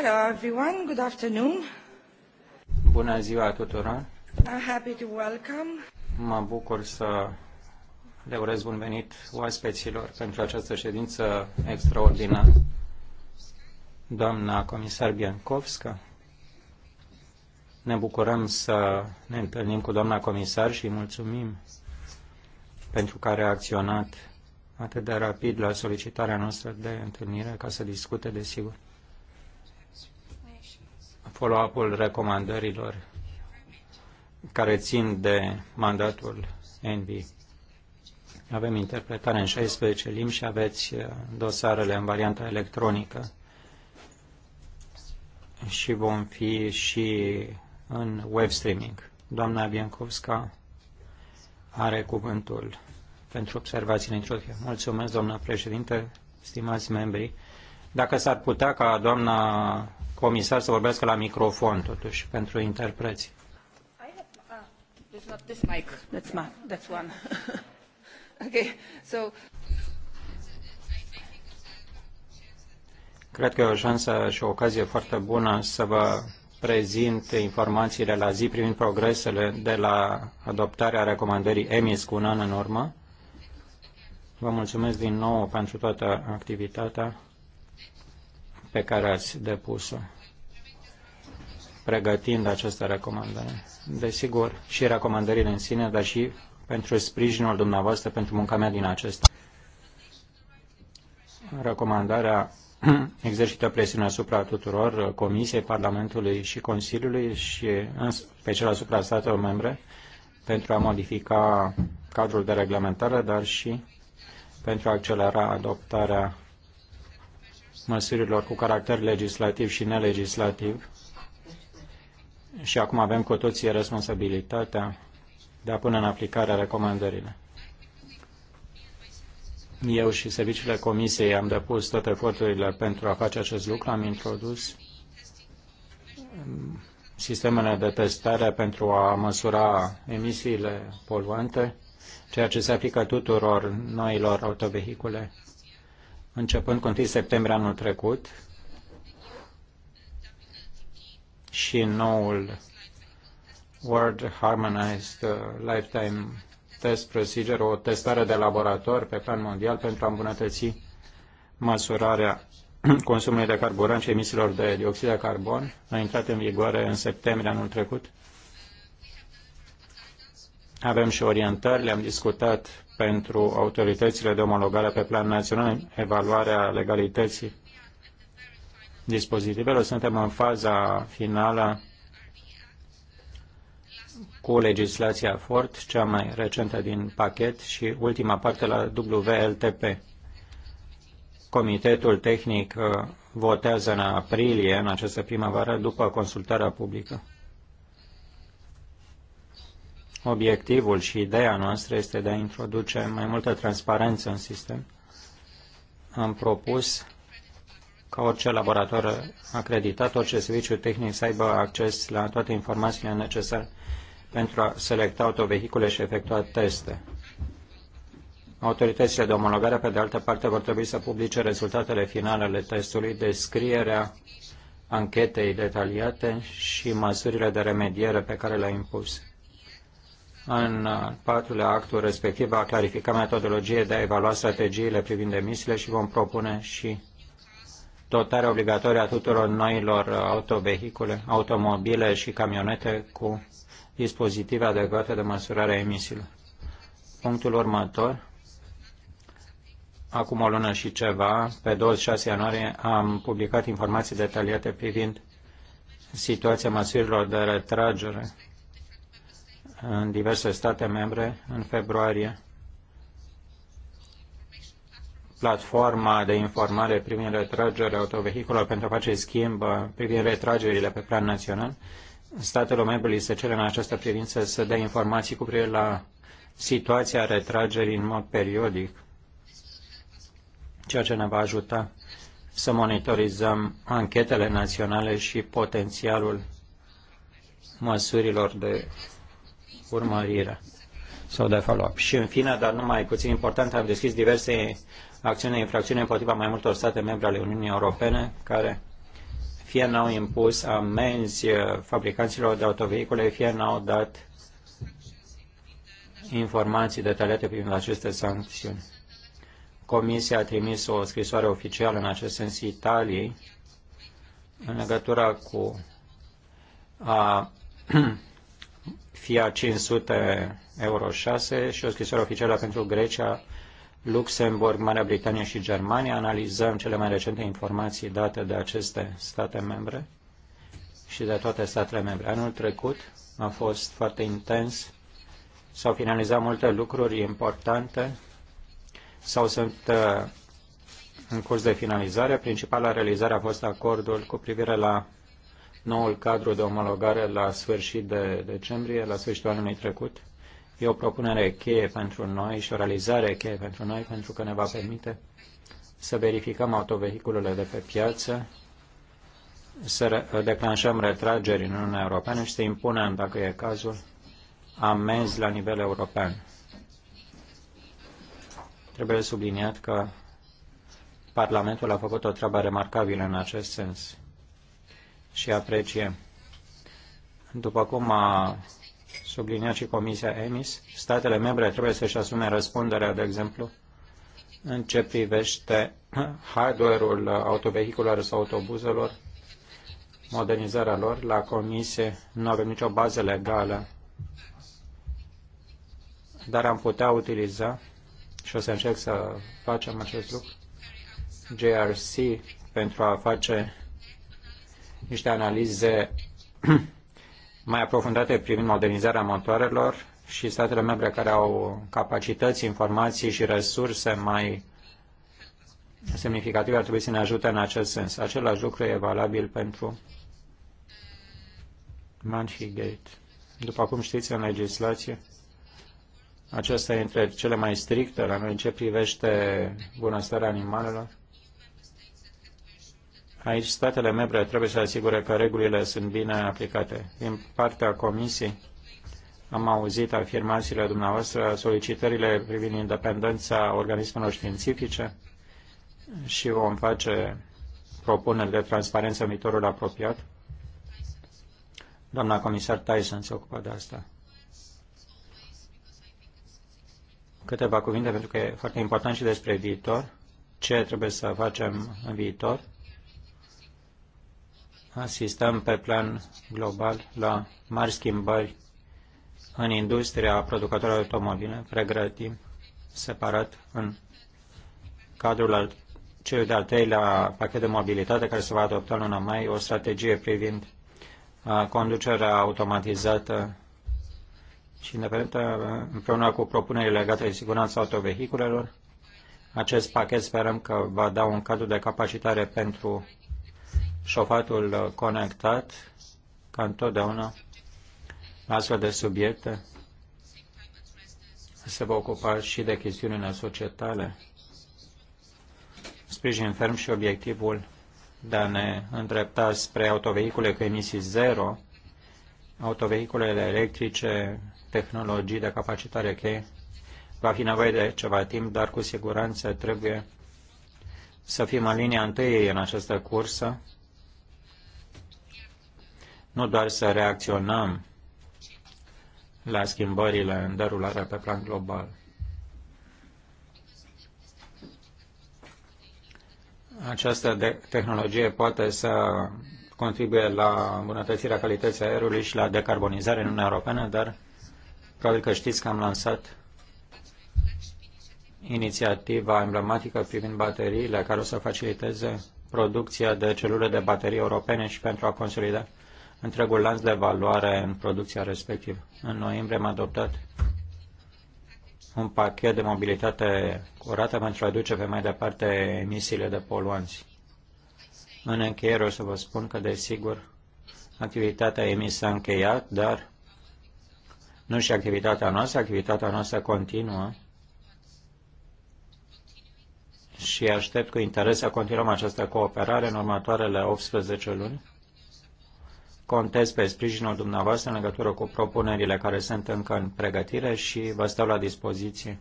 Hello everyone, good afternoon. Bună ziua tuturor. I'm happy to welcome. Mă bucur să le urez bun venit oaspeților pentru această ședință extraordinară. Doamna comisar Biancovska, ne bucurăm să ne întâlnim cu doamna comisar și mulțumim pentru că a reacționat atât de rapid la solicitarea noastră de întâlnire ca să discute, desigur, follow-up-ul recomandărilor care țin de mandatul NV. Avem interpretare în 16 limbi și aveți uh, dosarele în varianta electronică și vom fi și în web streaming. Doamna Biancovska are cuvântul pentru observațiile introductive. Mulțumesc, doamna președinte, stimați membri. Dacă s-ar putea ca doamna comisar să vorbească la microfon, totuși, pentru interpreții. Ah, Cred că e o șansă și o ocazie foarte bună să vă prezint informațiile la zi privind progresele de la adoptarea recomandării EMIS cu un an în urmă. Vă mulțumesc din nou pentru toată activitatea pe care ați depus-o pregătind această recomandare. Desigur, și recomandările în sine, dar și pentru sprijinul dumneavoastră pentru munca mea din acesta. Recomandarea exercită presiune asupra tuturor Comisiei, Parlamentului și Consiliului și în special asupra statelor membre pentru a modifica cadrul de reglementare, dar și pentru a accelera adoptarea măsurilor cu caracter legislativ și nelegislativ și acum avem cu toții responsabilitatea de a pune în aplicare recomandările. Eu și serviciile Comisiei am depus toate eforturile pentru a face acest lucru. Am introdus sistemele de testare pentru a măsura emisiile poluante, ceea ce se aplică tuturor noilor autovehicule începând cu 1 septembrie anul trecut și noul World Harmonized Lifetime Test Procedure, o testare de laborator pe plan mondial pentru a îmbunătăți măsurarea consumului de carburant și emisiilor de dioxid de carbon, a intrat în vigoare în septembrie anul trecut avem și orientări, le-am discutat pentru autoritățile de omologare pe plan național, evaluarea legalității dispozitivelor. Suntem în faza finală cu legislația Ford, cea mai recentă din pachet și ultima parte la WLTP. Comitetul tehnic uh, votează în aprilie, în această primăvară, după consultarea publică. Obiectivul și ideea noastră este de a introduce mai multă transparență în sistem. Am propus ca orice laborator acreditat, orice serviciu tehnic să aibă acces la toate informațiile necesare pentru a selecta autovehicule și efectua teste. Autoritățile de omologare, pe de altă parte, vor trebui să publice rezultatele finale ale testului, descrierea anchetei detaliate și măsurile de remediere pe care le-a impus. În patrulea actul respectiv va clarifica metodologie de a evalua strategiile privind emisiile și vom propune și dotarea obligatorie a tuturor noilor autovehicule, automobile și camionete cu dispozitive adecvate de măsurare a emisiilor. Punctul următor, acum o lună și ceva, pe 26 ianuarie, am publicat informații detaliate privind situația măsurilor de retragere în diverse state membre în februarie. Platforma de informare privind retragerea autovehiculelor pentru a face schimb privind retragerile pe plan național. Statelor membre se cere în această privință să dea informații cu privire la situația retragerii în mod periodic, ceea ce ne va ajuta să monitorizăm anchetele naționale și potențialul măsurilor de urmărirea sau de follow-up. Și în fine, dar nu mai puțin important, am deschis diverse acțiuni de infracțiune împotriva mai multor state membre ale Uniunii Europene care fie n-au impus amenzi uh, fabricanților de autovehicule, fie n-au dat informații detaliate privind aceste sancțiuni. Comisia a trimis o scrisoare oficială în acest sens Italiei în legătură cu a, FIA 500 Euro 6 și o scrisoare oficială pentru Grecia, Luxemburg, Marea Britanie și Germania. Analizăm cele mai recente informații date de aceste state membre și de toate statele membre. Anul trecut a fost foarte intens, s-au finalizat multe lucruri importante sau sunt uh, în curs de finalizare. Principala realizare a fost acordul cu privire la noul cadru de omologare la sfârșit de decembrie, la sfârșitul anului trecut. E o propunere cheie pentru noi și o realizare cheie pentru noi, pentru că ne va permite să verificăm autovehiculele de pe piață, să declanșăm retrageri în Uniunea Europeană și să impunem, dacă e cazul, amenzi la nivel european. Trebuie subliniat că Parlamentul a făcut o treabă remarcabilă în acest sens și apreciem. După cum a subliniat și Comisia EMIS, statele membre trebuie să-și asume răspunderea, de exemplu, în ce privește hardware-ul autovehiculelor sau autobuzelor, modernizarea lor. La Comisie nu avem nicio bază legală, dar am putea utiliza și o să încerc să facem acest lucru, JRC pentru a face niște analize mai aprofundate privind modernizarea motoarelor și statele membre care au capacități, informații și resurse mai semnificative ar trebui să ne ajute în acest sens. Același lucru e valabil pentru Gate. După cum știți, în legislație, aceasta e între cele mai stricte la noi în ce privește bunăstarea animalelor Aici statele membre trebuie să asigure că regulile sunt bine aplicate. Din partea Comisiei am auzit afirmațiile dumneavoastră, solicitările privind independența organismelor științifice și vom face propuneri de transparență în viitorul apropiat. Doamna comisar Tyson se ocupă de asta. Câteva cuvinte, pentru că e foarte important și despre viitor, ce trebuie să facem în viitor asistăm pe plan global la mari schimbări în industria producătorilor automobile, pregătim separat în cadrul celui de-al treilea pachet de mobilitate care se va adopta luna mai, o strategie privind conducerea automatizată și independentă împreună cu propunerile legate de siguranța autovehiculelor. Acest pachet sperăm că va da un cadru de capacitare pentru șofatul conectat, ca întotdeauna, la astfel de subiecte, se va ocupa și de chestiunile societale. Sprijin ferm și obiectivul de a ne îndrepta spre autovehicule cu emisii zero, autovehiculele electrice, tehnologii de capacitare cheie. Va fi nevoie de ceva timp, dar cu siguranță trebuie să fim în linia întâi în această cursă nu doar să reacționăm la schimbările în derulare pe plan global. Această tehnologie poate să contribuie la îmbunătățirea calității aerului și la decarbonizare în Uniunea Europeană, dar probabil că știți că am lansat inițiativa emblematică privind bateriile care o să faciliteze producția de celule de baterii europene și pentru a consolida întregul lanț de valoare în producția respectivă. În noiembrie am adoptat un pachet de mobilitate curată pentru a duce pe mai departe emisiile de poluanți. În încheiere o să vă spun că, desigur, activitatea emisă a încheiat, dar nu și activitatea noastră, activitatea noastră continuă și aștept cu interes să continuăm această cooperare în următoarele 18 luni contez pe sprijinul dumneavoastră în legătură cu propunerile care sunt încă în pregătire și vă stau la dispoziție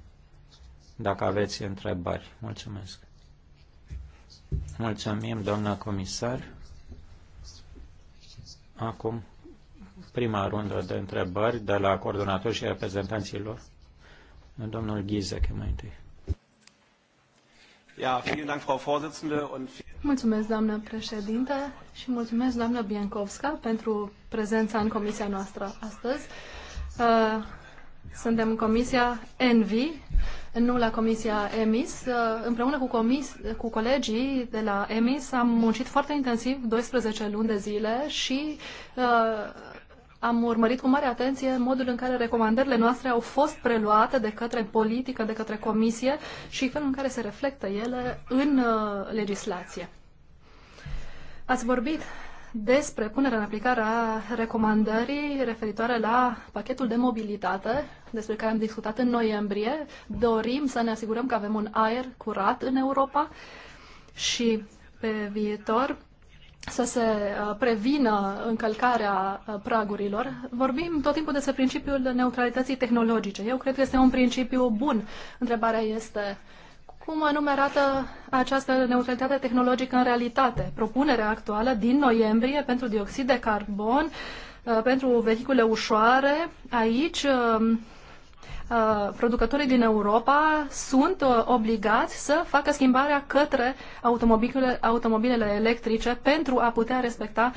dacă aveți întrebări. Mulțumesc. Mulțumim, doamna comisar. Acum, prima rundă de întrebări de la coordonatori și reprezentanții lor. Domnul Ghizek, mai întâi. Ja, vielen Dank, Frau Vorsitzende, und Mulțumesc, doamnă președinte, și mulțumesc, doamnă Biancovska, pentru prezența în comisia noastră astăzi. Uh, suntem în comisia ENVI, nu la comisia EMIS. Uh, împreună cu, comis, cu colegii de la EMIS am muncit foarte intensiv 12 luni de zile și uh, am urmărit cu mare atenție modul în care recomandările noastre au fost preluate de către politică, de către comisie și felul în care se reflectă ele în uh, legislație. Ați vorbit despre punerea în aplicare a recomandării referitoare la pachetul de mobilitate, despre care am discutat în noiembrie. Dorim să ne asigurăm că avem un aer curat în Europa și pe viitor să se uh, prevină încălcarea uh, pragurilor, vorbim tot timpul despre principiul neutralității tehnologice. Eu cred că este un principiu bun. Întrebarea este cum anume arată această neutralitate tehnologică în realitate? Propunerea actuală din noiembrie pentru dioxid de carbon, uh, pentru vehicule ușoare, aici um, Uh, producătorii din Europa sunt uh, obligați să facă schimbarea către automobilele, automobilele electrice pentru a putea respecta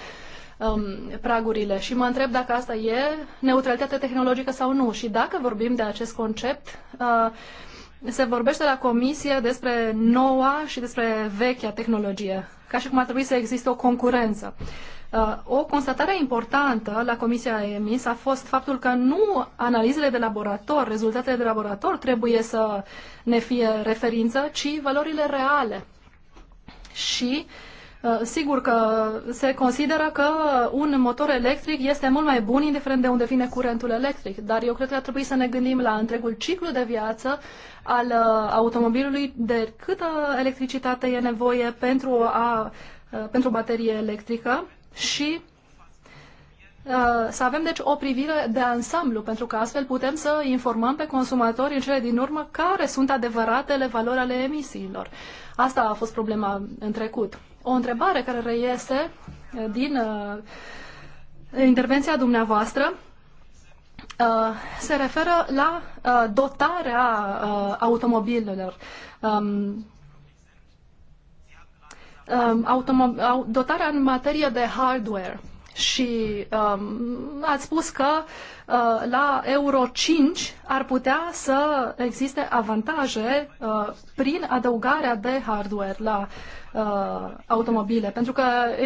um, pragurile. Și mă întreb dacă asta e neutralitate tehnologică sau nu. Și dacă vorbim de acest concept, uh, se vorbește la comisie despre noua și despre vechea tehnologie, ca și cum ar trebui să existe o concurență. Uh, Uh, o constatare importantă la Comisia EMIS a fost faptul că nu analizele de laborator, rezultatele de laborator trebuie să ne fie referință, ci valorile reale. Și uh, sigur că se consideră că un motor electric este mult mai bun indiferent de unde vine curentul electric, dar eu cred că ar trebui să ne gândim la întregul ciclu de viață al uh, automobilului, de câtă electricitate e nevoie pentru, a, pentru baterie electrică și uh, să avem deci o privire de ansamblu, pentru că astfel putem să informăm pe consumatori în cele din urmă care sunt adevăratele valori ale emisiilor. Asta a fost problema în trecut. O întrebare care reiese uh, din uh, intervenția dumneavoastră se referă la dotarea automobilelor. Um, Um, dotarea în materie de hardware și um, ați spus că uh, la Euro 5 ar putea să existe avantaje uh, prin adăugarea de hardware la uh, automobile, pentru că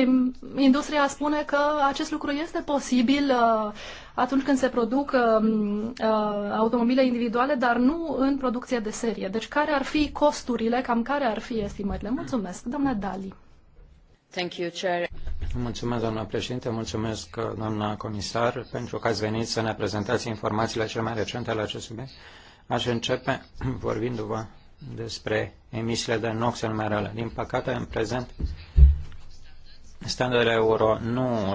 um, industria spune că acest lucru este posibil uh, atunci când se produc uh, uh, automobile individuale, dar nu în producție de serie. Deci care ar fi costurile, cam care ar fi estimările? Mulțumesc, doamna Dali. Mulțumesc, președinte, mulțumesc, doamna comisar, pentru că ați venit să ne prezentați informațiile cele mai recente la acest subiect. Aș începe vorbindu-vă despre emisiile de nox în merele. Din păcate, în prezent, standardele euro nu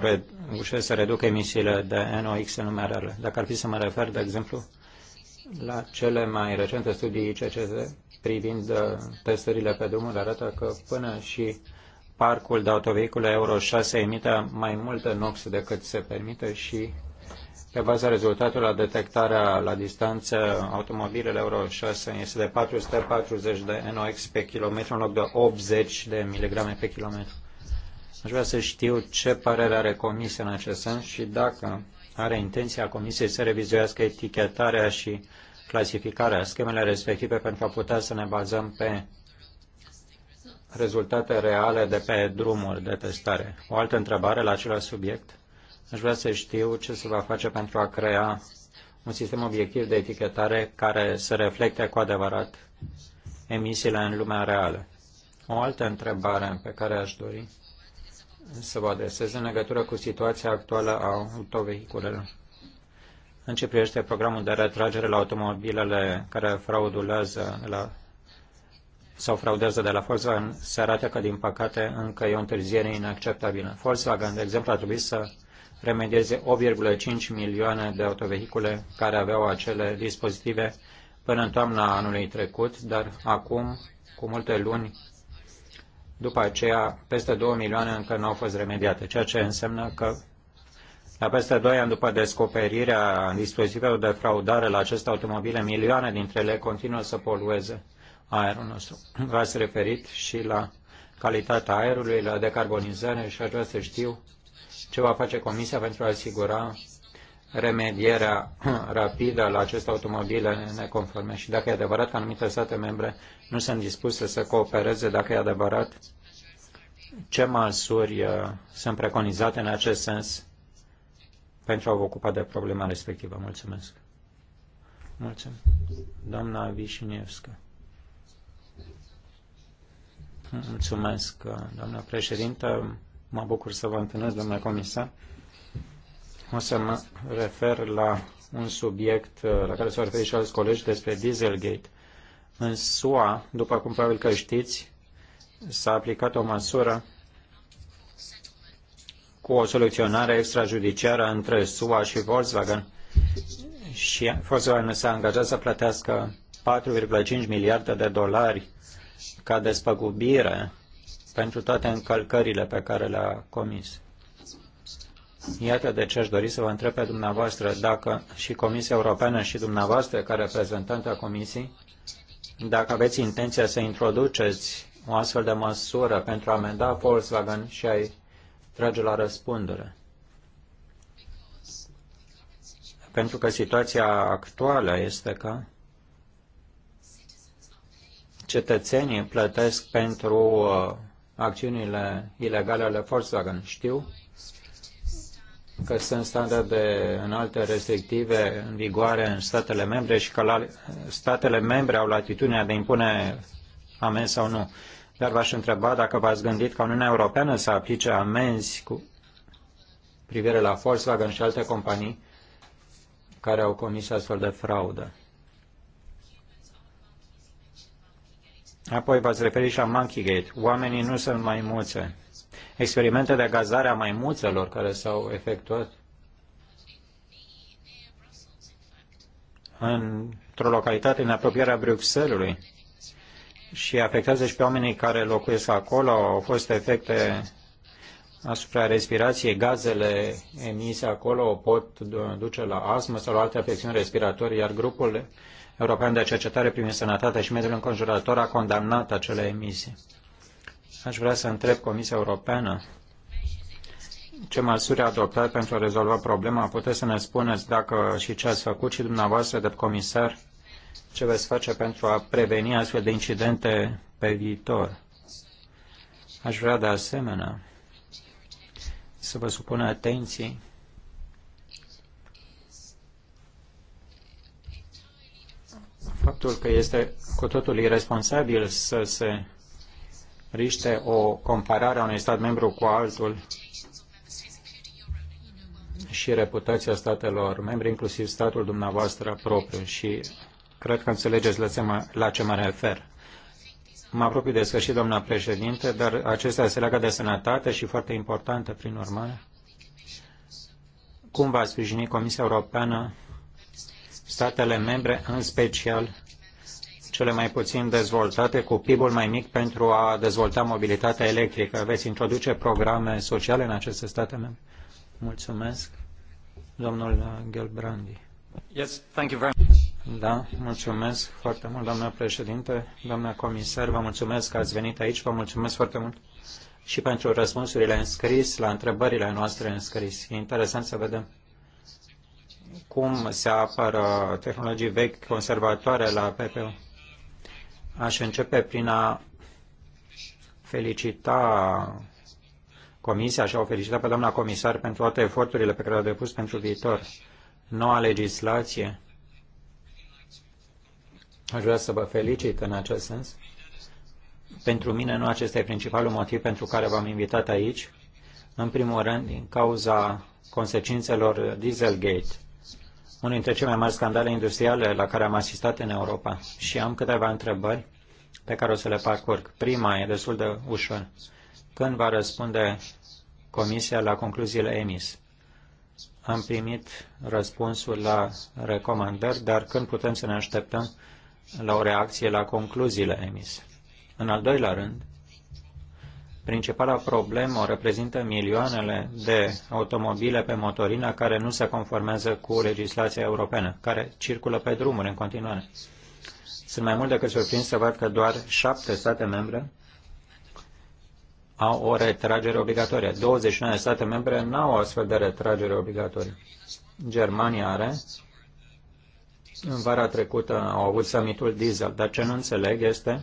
reușesc să reducă emisiile de NOx în merele. Dacă ar fi să mă refer, de exemplu, la cele mai recente studii ICCZ privind uh, testările pe drumuri, arată că până și parcul de autovehicule Euro 6 emite mai multe NOx decât se permite și pe baza rezultatelor la detectarea la distanță, automobilele Euro 6 este de 440 de NOx pe kilometru în loc de 80 de miligrame pe kilometru. Aș vrea să știu ce părere are Comisia în acest sens și dacă are intenția Comisiei să revizuiască etichetarea și clasificarea schemele respective pentru a putea să ne bazăm pe rezultate reale de pe drumul de testare. O altă întrebare la același subiect. Aș vrea să știu ce se va face pentru a crea un sistem obiectiv de etichetare care să reflecte cu adevărat emisiile în lumea reală. O altă întrebare pe care aș dori să vă adresez în legătură cu situația actuală a autovehiculelor. În ce privește programul de retragere la automobilele care fraudulează la sau fraudează de la Volkswagen, se arată că, din păcate, încă e o întârziere inacceptabilă. Volkswagen, de exemplu, a trebuit să remedieze 8,5 milioane de autovehicule care aveau acele dispozitive până în toamna anului trecut, dar acum, cu multe luni după aceea, peste 2 milioane încă nu au fost remediate, ceea ce înseamnă că la peste 2 ani după descoperirea dispozitivelor de fraudare la aceste automobile, milioane dintre ele continuă să polueze aerul nostru. V-ați referit și la calitatea aerului, la decarbonizare și aș vrea să știu ce va face Comisia pentru a asigura remedierea rapidă la aceste automobile neconforme și dacă e adevărat că anumite state membre nu sunt dispuse să coopereze, dacă e adevărat, ce măsuri uh, sunt preconizate în acest sens pentru a vă ocupa de problema respectivă. Mulțumesc. Mulțumesc. Doamna Vișinevscă. Mulțumesc, doamna președintă. Mă bucur să vă întâlnesc, doamna comisar. O să mă refer la un subiect uh, la care s-au referit și alți colegi despre Dieselgate. În SUA, după cum probabil că știți, s-a aplicat o măsură cu o soluționare extrajudiciară între SUA și Volkswagen și Volkswagen s-a angajat să plătească 4,5 miliarde de dolari ca despăgubire pentru toate încălcările pe care le-a comis. Iată de ce aș dori să vă întreb pe dumneavoastră dacă și Comisia Europeană și dumneavoastră, ca reprezentant a Comisiei, dacă aveți intenția să introduceți o astfel de măsură pentru a amenda Volkswagen și a-i trage la răspundere. Pentru că situația actuală este că cetățenii plătesc pentru uh, acțiunile ilegale ale Volkswagen. Știu că sunt standarde înalte restrictive în vigoare în statele membre și că la, statele membre au latitudinea de a impune amenzi sau nu. Dar v-aș întreba dacă v-ați gândit ca Uniunea Europeană să aplice amenzi cu privire la Volkswagen și alte companii care au comis astfel de fraudă. Apoi v-ați referit și la Monkeygate. Oamenii nu sunt maimuțe. Experimente de gazare a maimuțelor care s-au efectuat într-o localitate în apropierea Bruxellesului și afectează și pe oamenii care locuiesc acolo. Au fost efecte asupra respirației, gazele emise acolo pot duce la astmă sau la alte afecțiuni respiratorii, iar grupul European de Cercetare privind sănătatea și mediul înconjurător a condamnat acele emisii. Aș vrea să întreb Comisia Europeană ce măsuri a adoptat pentru a rezolva problema. Puteți să ne spuneți dacă și ce ați făcut și dumneavoastră de comisar ce veți face pentru a preveni astfel de incidente pe viitor. Aș vrea de asemenea să vă supun atenții faptul că este cu totul irresponsabil să se riște o comparare a unui stat membru cu altul și reputația statelor membre, inclusiv statul dumneavoastră propriu. Și cred că înțelegeți la ce mă, la ce mă refer. Mă apropii de sfârșit, doamna președinte, dar acestea se leagă de sănătate și foarte importantă, prin urmare. Cum va sprijini Comisia Europeană statele membre, în special cele mai puțin dezvoltate, cu PIB-ul mai mic pentru a dezvolta mobilitatea electrică. Veți introduce programe sociale în aceste state membre? Mulțumesc. Domnul Gelbrandi. Yes, thank you very much. Da, mulțumesc foarte mult, doamna președinte, doamna comisar, vă mulțumesc că ați venit aici, vă mulțumesc foarte mult și pentru răspunsurile înscris la întrebările noastre înscris. E interesant să vedem cum se apără tehnologii vechi conservatoare la PPU. Aș începe prin a felicita Comisia și o felicita pe doamna comisar pentru toate eforturile pe care le-a depus pentru viitor. Noua legislație. Aș vrea să vă felicit în acest sens. Pentru mine nu acesta e principalul motiv pentru care v-am invitat aici. În primul rând, din cauza consecințelor Dieselgate unul dintre cele mai mari scandale industriale la care am asistat în Europa și am câteva întrebări pe care o să le parcurg. Prima e destul de ușor. Când va răspunde Comisia la concluziile emis? Am primit răspunsul la recomandări, dar când putem să ne așteptăm la o reacție la concluziile emise? În al doilea rând, Principala problemă o reprezintă milioanele de automobile pe motorină care nu se conformează cu legislația europeană, care circulă pe drumuri în continuare. Sunt mai mult decât surprins să văd că doar șapte state membre au o retragere obligatorie. 29 de state membre nu au astfel de retragere obligatorie. Germania are. În vara trecută au avut summitul diesel, dar ce nu înțeleg este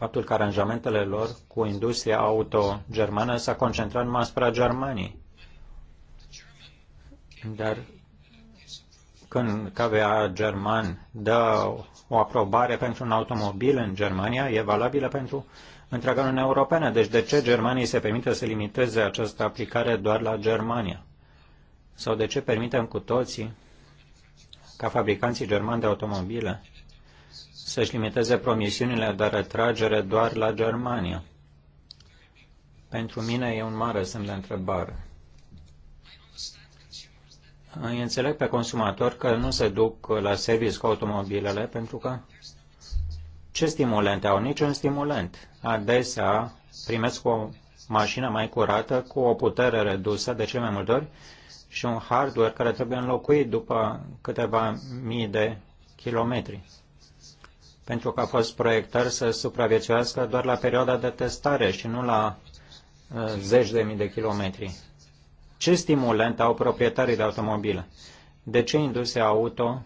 faptul că aranjamentele lor cu industria auto germană s-a concentrat numai asupra Germaniei. Dar când KVA german dă o aprobare pentru un automobil în Germania, e valabilă pentru întreaga Uniune Europeană. Deci de ce Germanii se permite să limiteze această aplicare doar la Germania? Sau de ce permitem cu toții ca fabricanții germani de automobile să-și limiteze promisiunile de retragere doar la Germania. Pentru mine e un mare semn de întrebare. Îi înțeleg pe consumator că nu se duc la service cu automobilele pentru că ce stimulente au? Niciun stimulent. Adesea primesc o mașină mai curată cu o putere redusă de cele mai multe ori și un hardware care trebuie înlocuit după câteva mii de kilometri pentru că a fost proiectări să supraviețuiască doar la perioada de testare și nu la uh, zeci de mii de kilometri. Ce stimulent au proprietarii de automobile? De ce industria auto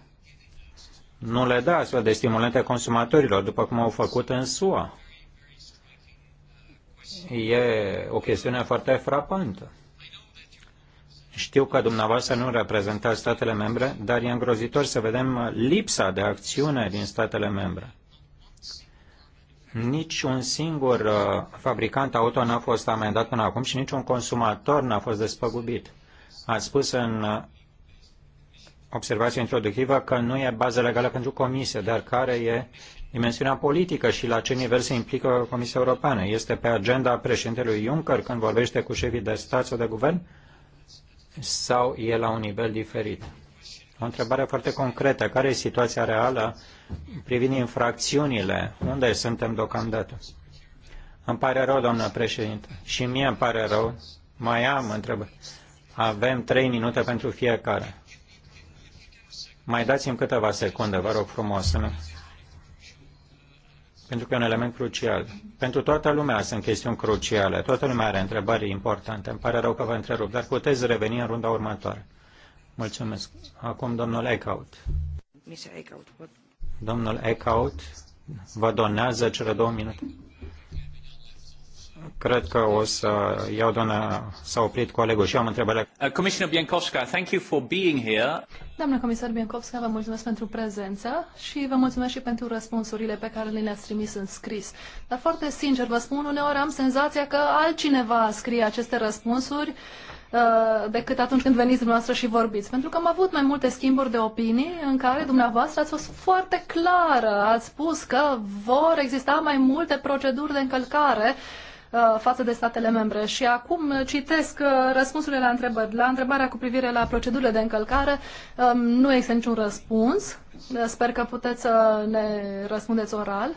nu le dă astfel de stimulente consumatorilor, după cum au făcut în SUA? E o chestiune foarte frapantă. Știu că dumneavoastră nu reprezentați statele membre, dar e îngrozitor să vedem lipsa de acțiune din statele membre. Nici un singur uh, fabricant auto n-a fost amendat până acum și niciun consumator n-a fost despăgubit. A spus în uh, observația introductivă că nu e bază legală pentru comisie, dar care e dimensiunea politică și la ce nivel se implică Comisia Europeană. Este pe agenda președintelui Juncker când vorbește cu șefii de stat sau de guvern? sau e la un nivel diferit? O întrebare foarte concretă. Care e situația reală privind infracțiunile? Unde suntem deocamdată? Îmi pare rău, doamnă președinte. Și mie îmi pare rău. Mai am întrebări. Avem trei minute pentru fiecare. Mai dați-mi câteva secunde, vă rog frumos. Nu? pentru că e un element crucial. Pentru toată lumea sunt chestiuni cruciale, toată lumea are întrebări importante. Îmi pare rău că vă întrerup, dar puteți reveni în runda următoare. Mulțumesc. Acum domnul Eckhout. Domnul Eckhout vă donează cele două minute. Cred că o să iau doamna, s-a oprit colegul și am întrebarea. Uh, Commissioner Biancovska, thank you for being here. Doamna comisar Biancovska, vă mulțumesc pentru prezență și vă mulțumesc și pentru răspunsurile pe care le-ați trimis în scris. Dar foarte sincer vă spun, uneori am senzația că altcineva scrie aceste răspunsuri uh, decât atunci când veniți dumneavoastră și vorbiți. Pentru că am avut mai multe schimburi de opinii în care dumneavoastră ați fost foarte clară, ați spus că vor exista mai multe proceduri de încălcare uh, Uh, față de statele membre. Și acum citesc uh, răspunsurile la întrebări. La întrebarea cu privire la procedurile de încălcare um, nu există niciun răspuns. Uh, sper că puteți să ne răspundeți oral.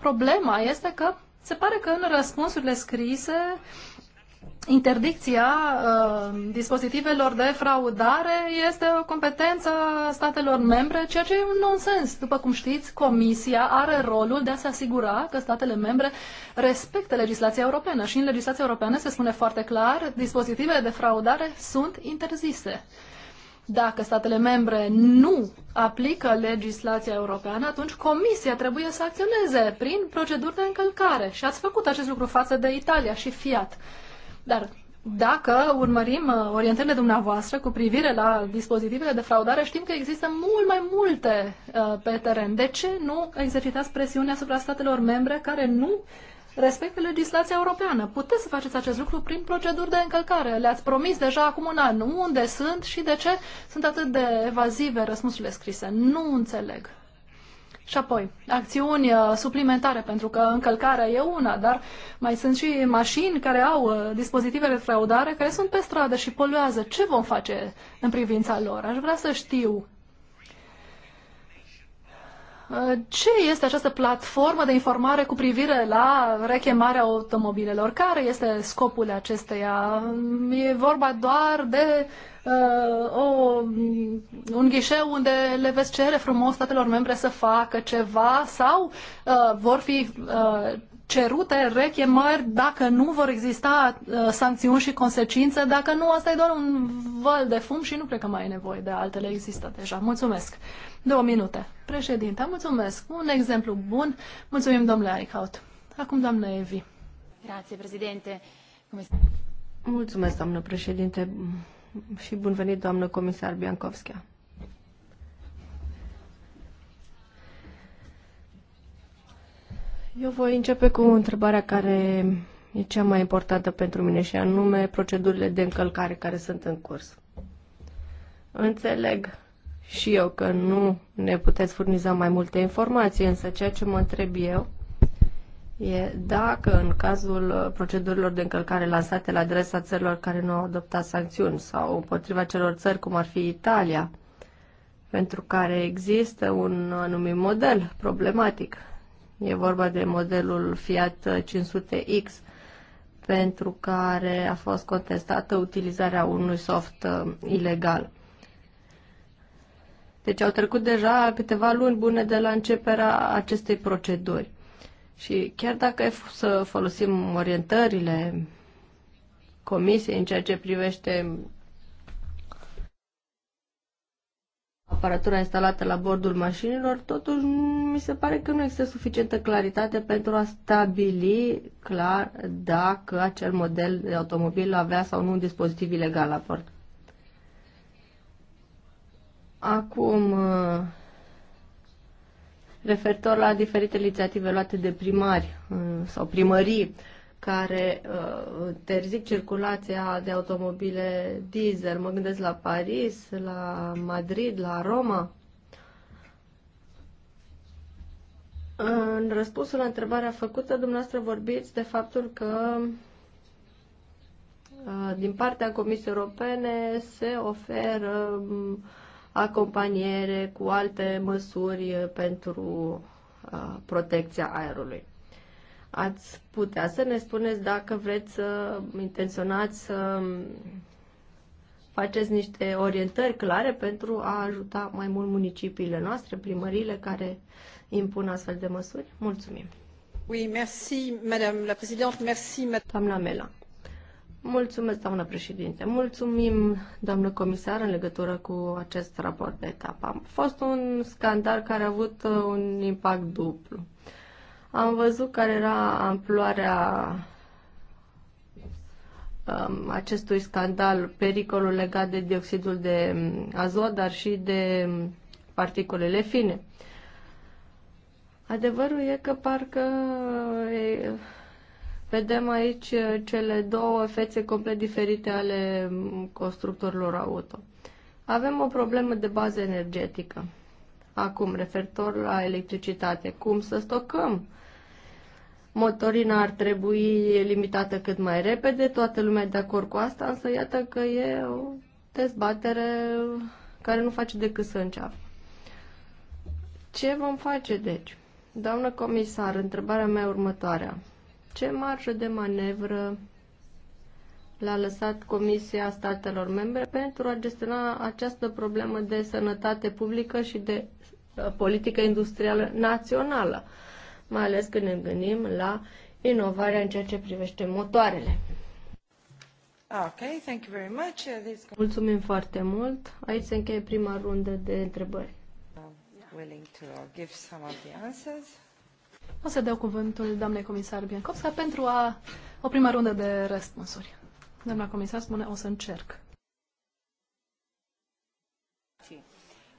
Problema este că se pare că în răspunsurile scrise uh, interdicția uh, dispozitivelor de fraudare este o competență a statelor membre, ceea ce e un nonsens. După cum știți, Comisia are rolul de a se asigura că statele membre respectă legislația europeană și în legislația europeană se spune foarte clar, dispozitivele de fraudare sunt interzise. Dacă statele membre nu aplică legislația europeană, atunci Comisia trebuie să acționeze prin proceduri de încălcare. Și ați făcut acest lucru față de Italia și Fiat. Dar dacă urmărim uh, orientările dumneavoastră cu privire la dispozitivele de fraudare, știm că există mult mai multe uh, pe teren. De ce nu exercitați presiune asupra statelor membre care nu respectă legislația europeană? Puteți să faceți acest lucru prin proceduri de încălcare. Le-ați promis deja acum un an unde sunt și de ce sunt atât de evazive răspunsurile scrise. Nu înțeleg. Și apoi, acțiuni uh, suplimentare, pentru că încălcarea e una, dar mai sunt și mașini care au uh, dispozitive de fraudare care sunt pe stradă și poluează. Ce vom face în privința lor? Aș vrea să știu Uh, ce este această platformă de informare cu privire la rechemarea automobilelor? Care este scopul acesteia? Mm, e vorba doar de uh, o, mm, un ghișeu unde le veți cere frumos statelor membre să facă ceva sau uh, vor fi uh, cerute rechemări dacă nu vor exista uh, sancțiuni și consecințe, dacă nu, asta e doar un văl de fum și nu cred că mai e nevoie de altele, există deja. Mulțumesc. Două minute. Președinte, mulțumesc. Un exemplu bun. Mulțumim, domnule Aicaut. Acum, doamnă Evi. Grație, președinte. Mulțumesc, doamnă președinte, și bun venit, doamnă comisar Biancovschia. Eu voi începe cu întrebarea care e cea mai importantă pentru mine și anume procedurile de încălcare care sunt în curs. Înțeleg și eu că nu ne puteți furniza mai multe informații, însă ceea ce mă întreb eu e dacă în cazul procedurilor de încălcare lansate la adresa țărilor care nu au adoptat sancțiuni sau împotriva celor țări cum ar fi Italia, pentru care există un anumit model problematic E vorba de modelul Fiat 500X, pentru care a fost contestată utilizarea unui soft uh, ilegal. Deci au trecut deja câteva luni bune de la începerea acestei proceduri. Și chiar dacă e să folosim orientările comisiei în ceea ce privește aparatura instalată la bordul mașinilor, totuși mi se pare că nu există suficientă claritate pentru a stabili clar dacă acel model de automobil avea sau nu un dispozitiv ilegal la bord. Acum, referitor la diferite inițiative luate de primari sau primării, care uh, circulația de automobile diesel. Mă gândesc la Paris, la Madrid, la Roma. În răspunsul la întrebarea făcută, dumneavoastră vorbiți de faptul că uh, din partea Comisiei Europene se oferă mm, acompaniere cu alte măsuri pentru uh, protecția aerului. Ați putea să ne spuneți dacă vreți să intenționați să faceți niște orientări clare pentru a ajuta mai mult municipiile noastre, primăriile care impun astfel de măsuri? Mulțumim! Oui, merci, Madame la Présidente, merci, madame... Doamna Mela. Mulțumesc, doamnă președinte. Mulțumim, doamnă comisar, în legătură cu acest raport de etapă. A fost un scandal care a avut uh, un impact duplu. Uh, am văzut care era amploarea um, acestui scandal, pericolul legat de dioxidul de um, azot, dar și de um, particulele fine. Adevărul e că parcă e, vedem aici uh, cele două fețe complet diferite ale um, constructorilor auto. Avem o problemă de bază energetică. Acum, referitor la electricitate, cum să stocăm uh, motorina ar trebui limitată cât mai repede, toată lumea e de acord cu asta, însă iată că e o dezbatere care nu face decât să înceapă. Ce vom face, deci? Doamnă comisar, întrebarea mea următoarea. Ce marjă de manevră l a lăsat Comisia Statelor Membre pentru a gestiona această problemă de sănătate publică și de uh, politică industrială națională? mai ales când ne gândim la inovarea în ceea ce privește motoarele. Okay, thank you very much. Uh, this... Mulțumim foarte mult. Aici se încheie prima rundă de întrebări. O să dau cuvântul doamnei comisar Biancovska pentru a, o prima rundă de răspunsuri. Doamna comisar spune, o să încerc.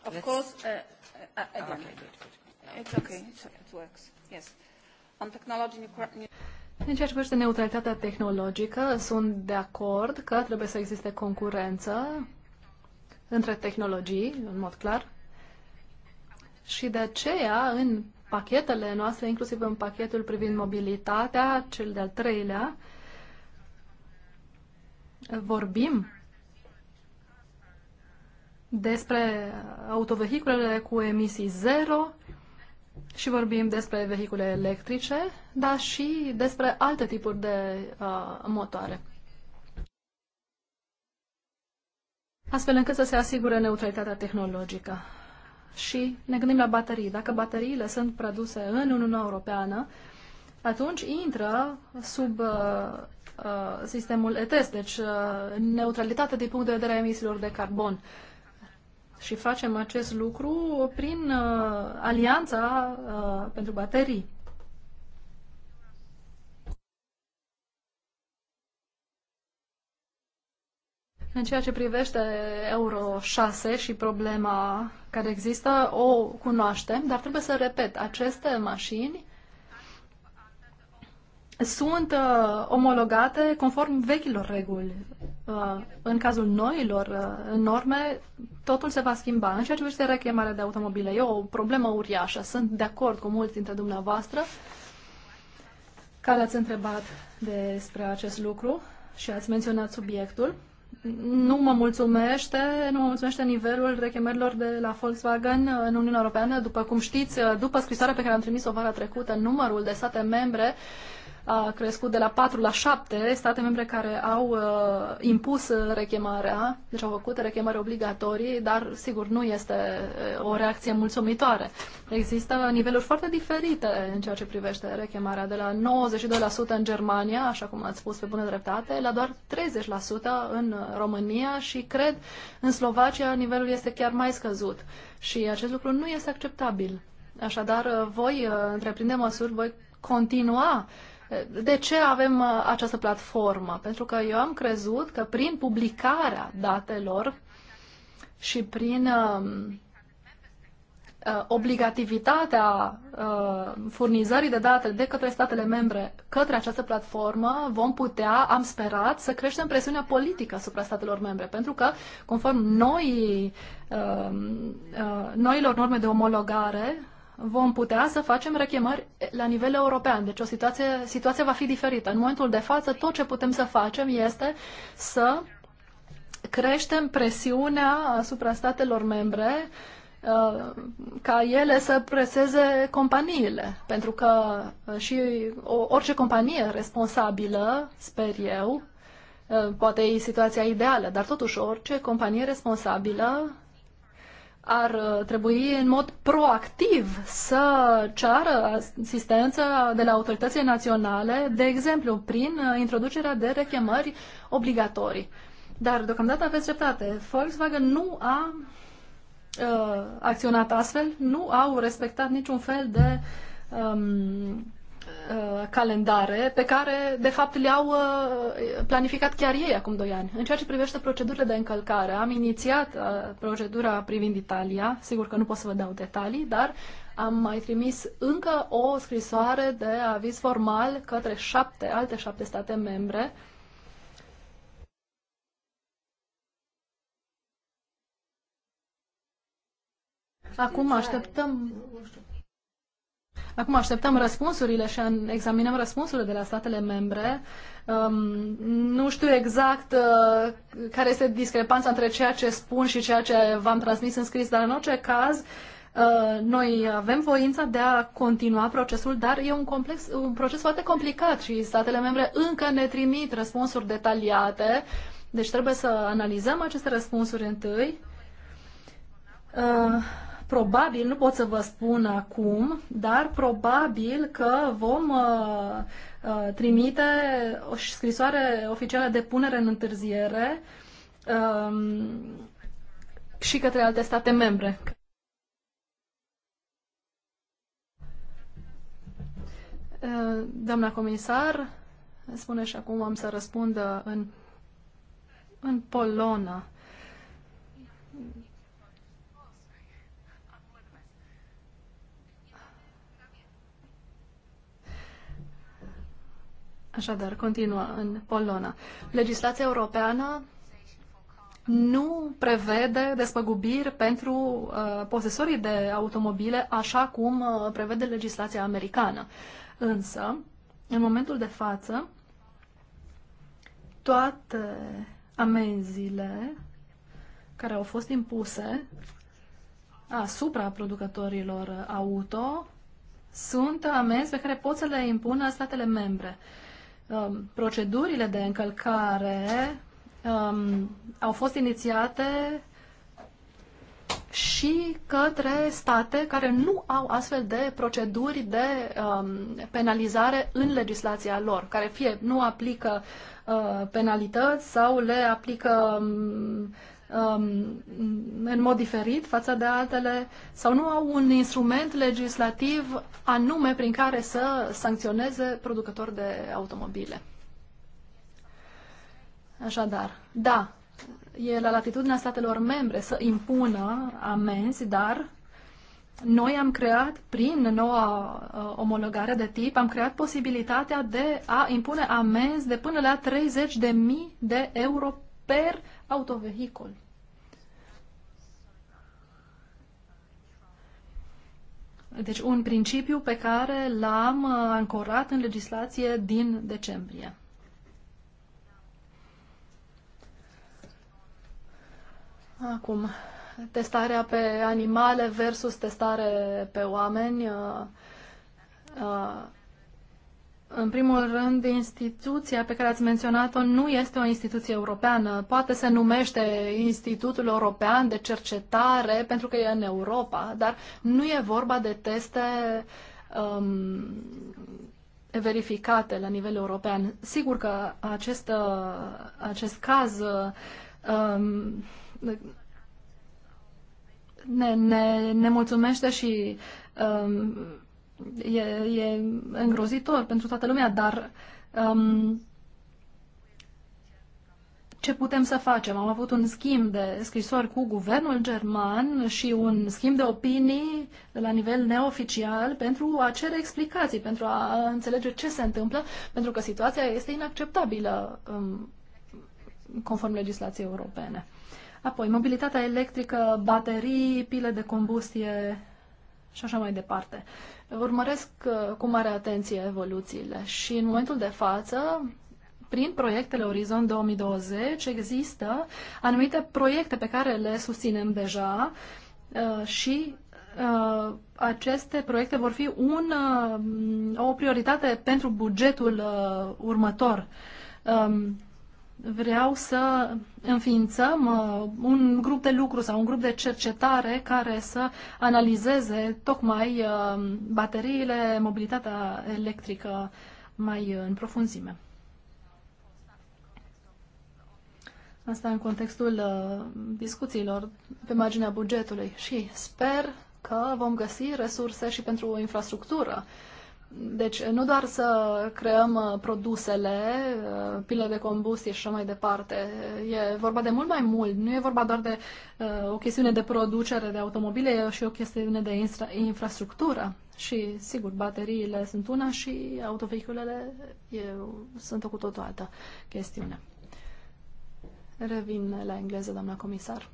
Of course, uh, uh, uh again. Ah, okay, good, good. It's okay. It's, it works. Yes. On technology în ceea ce privește neutralitatea tehnologică, sunt de acord că trebuie să existe concurență între tehnologii, în mod clar. Și de aceea, în pachetele noastre, inclusiv în pachetul privind mobilitatea, cel de-al treilea, vorbim despre autovehiculele cu emisii zero și vorbim despre vehicule electrice, dar și despre alte tipuri de uh, motoare. Astfel încât să se asigure neutralitatea tehnologică. Și ne gândim la baterii. Dacă bateriile sunt produse în Uniunea Europeană, atunci intră sub uh, uh, sistemul ETS, deci uh, neutralitate din punct de vedere a emisiilor de carbon. Uh, și facem acest lucru prin uh, alianța uh, pentru baterii. În ceea ce privește Euro 6 și problema care există, o cunoaștem, dar trebuie să repet, aceste mașini sunt uh, omologate conform vechilor reguli. Uh, în cazul noilor uh, norme, totul se va schimba. În ceea ce privește rechemarea de automobile, e o problemă uriașă. Sunt de acord cu mulți dintre dumneavoastră care ați întrebat despre acest lucru și ați menționat subiectul. Nu mă mulțumește, nu mă mulțumește nivelul rechemărilor de la Volkswagen în Uniunea Europeană. După cum știți, după scrisoarea pe care am trimis-o vara trecută, numărul de state membre uh, a crescut de la 4 la 7 state membre care au uh, impus rechemarea, deci au făcut rechemare obligatorii, dar sigur nu este uh, o reacție mulțumitoare. Există niveluri foarte diferite în ceea ce privește rechemarea, de la 92% în Germania, așa cum ați spus pe bună dreptate, la doar 30% în România și cred în Slovacia nivelul este chiar mai scăzut și acest lucru nu este acceptabil. Așadar, voi uh, întreprinde măsuri, voi continua uh, de ce avem uh, această platformă? Pentru că eu am crezut că prin publicarea datelor și prin um, uh, obligativitatea uh, furnizării de date de către statele membre către această platformă, vom putea, am sperat, să creștem presiunea politică asupra statelor membre, pentru că, conform noi, noilor norme de omologare, vom putea să facem rechemări la nivel european. Deci o situație, situația va fi diferită. În momentul de față, tot ce putem să facem este să creștem presiunea asupra statelor membre uh, ca ele să preseze companiile, pentru că uh, și orice companie responsabilă, sper eu, uh, poate e situația ideală, dar totuși orice companie responsabilă ar uh, trebui în mod proactiv să ceară asistență de la autoritățile naționale, de exemplu, prin uh, introducerea de rechemări obligatorii. Dar, deocamdată, aveți dreptate. Volkswagen nu a uh, acționat astfel, nu au respectat niciun fel de um, Uh, calendare pe care, de fapt, le-au uh, planificat chiar ei acum doi ani. În ceea ce privește procedurile de încălcare, am inițiat uh, procedura privind Italia, sigur că nu pot să vă dau detalii, dar am mai trimis încă o scrisoare de aviz formal către șapte, alte șapte state membre, Acum așteptăm Acum așteptăm răspunsurile și examinăm răspunsurile de la statele membre. Um, nu știu exact uh, care este discrepanța între ceea ce spun și ceea ce v-am transmis în scris, dar în orice caz uh, noi avem voința de a continua procesul, dar e un, complex, un proces foarte complicat și statele membre încă ne trimit răspunsuri detaliate. Deci trebuie să analizăm aceste răspunsuri întâi. Uh, Probabil, nu pot să vă spun acum, dar probabil că vom uh, uh, trimite o scrisoare oficială de punere în întârziere um, și către alte state membre. Uh, doamna comisar, spune și acum am să răspundă în, în polona. Așadar, continuă în Polona. Legislația europeană nu prevede despăgubiri pentru uh, posesorii de automobile, așa cum uh, prevede legislația americană. Însă, în momentul de față, toate amenziile care au fost impuse asupra producătorilor auto sunt amenzi pe care pot să le impună statele membre. Uh, um, procedurile de încălcare um, au fost inițiate și către state care nu au astfel de proceduri de um, penalizare în legislația lor, care fie nu aplică uh, penalități sau le aplică um, Um, în mod diferit față de altele sau nu au un instrument legislativ anume prin care să sancționeze producători de automobile. Așadar, da, e la latitudinea statelor membre să impună amenzi, dar noi am creat, prin noua uh, omologare de tip, am creat posibilitatea de a impune amenzi de până la 30.000 de euro per autovehicul. Deci un principiu pe care l-am uh, ancorat în legislație din decembrie. Acum, testarea pe animale versus testare pe oameni. Uh, uh, în primul rând, instituția pe care ați menționat-o nu este o instituție europeană. Poate se numește Institutul European de Cercetare pentru că e în Europa, dar nu e vorba de teste um, verificate la nivel european. Sigur că acest, uh, acest caz um, ne, ne, ne mulțumește și um, e, e îngrozitor pentru toată lumea, dar um, ce putem să facem? Am avut un schimb de scrisori cu guvernul german și un schimb de opinii la nivel neoficial pentru a cere explicații, pentru a înțelege ce se întâmplă, pentru că situația este inacceptabilă um, conform legislației europene. Apoi, mobilitatea electrică, baterii, pile de combustie și așa mai departe. Urmăresc uh, cu mare atenție evoluțiile și în momentul de față, prin proiectele Orizont 2020, există anumite proiecte pe care le susținem deja uh, și uh, aceste proiecte vor fi un, o prioritate pentru bugetul următor. Um, vreau să înființăm uh, un grup de lucru sau un grup de cercetare care să analizeze tocmai uh, bateriile, mobilitatea electrică mai în profunzime. Asta în contextul uh, discuțiilor pe marginea bugetului și sper că vom găsi resurse și pentru o infrastructură uh, deci nu doar să creăm uh, produsele, uh, pile de combustie și așa mai departe. E vorba de mult mai mult. Nu e vorba doar de uh, o chestiune de producere de automobile, e și o chestiune de infra infrastructură. Și, sigur, bateriile sunt una și autovehiculele e, sunt o cu totul altă chestiune. Revin la engleză, doamna comisar.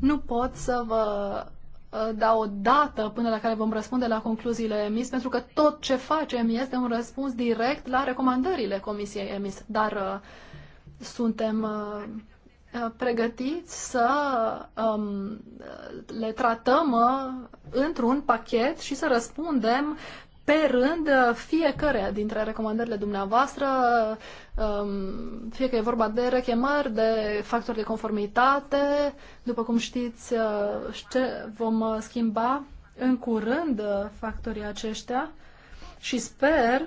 Nu pot să vă uh, dau o dată până la care vom răspunde la concluziile emis, pentru că tot ce facem este un răspuns direct la recomandările Comisiei emis. Dar uh, suntem uh, uh pregătiți să um, le tratăm uh, într-un pachet și să răspundem pe rând fiecare dintre recomandările dumneavoastră, um, fie că e vorba de rechemări, de factori de conformitate, după cum știți uh, ce vom uh, schimba în curând uh, factorii aceștia și sper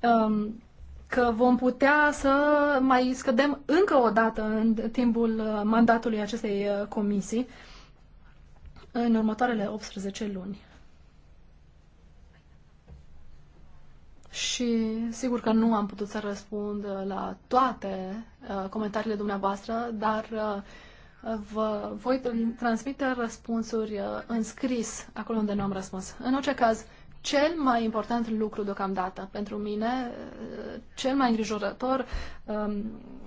um, că vom putea să mai scădem încă o dată în timpul mandatului acestei comisii în următoarele 18 luni. și sigur că nu am putut să răspund la toate uh, comentariile dumneavoastră, dar uh, vă voi transmite răspunsuri uh, în scris acolo unde nu am răspuns. În orice caz, cel mai important lucru deocamdată pentru mine, uh, cel mai îngrijorător um,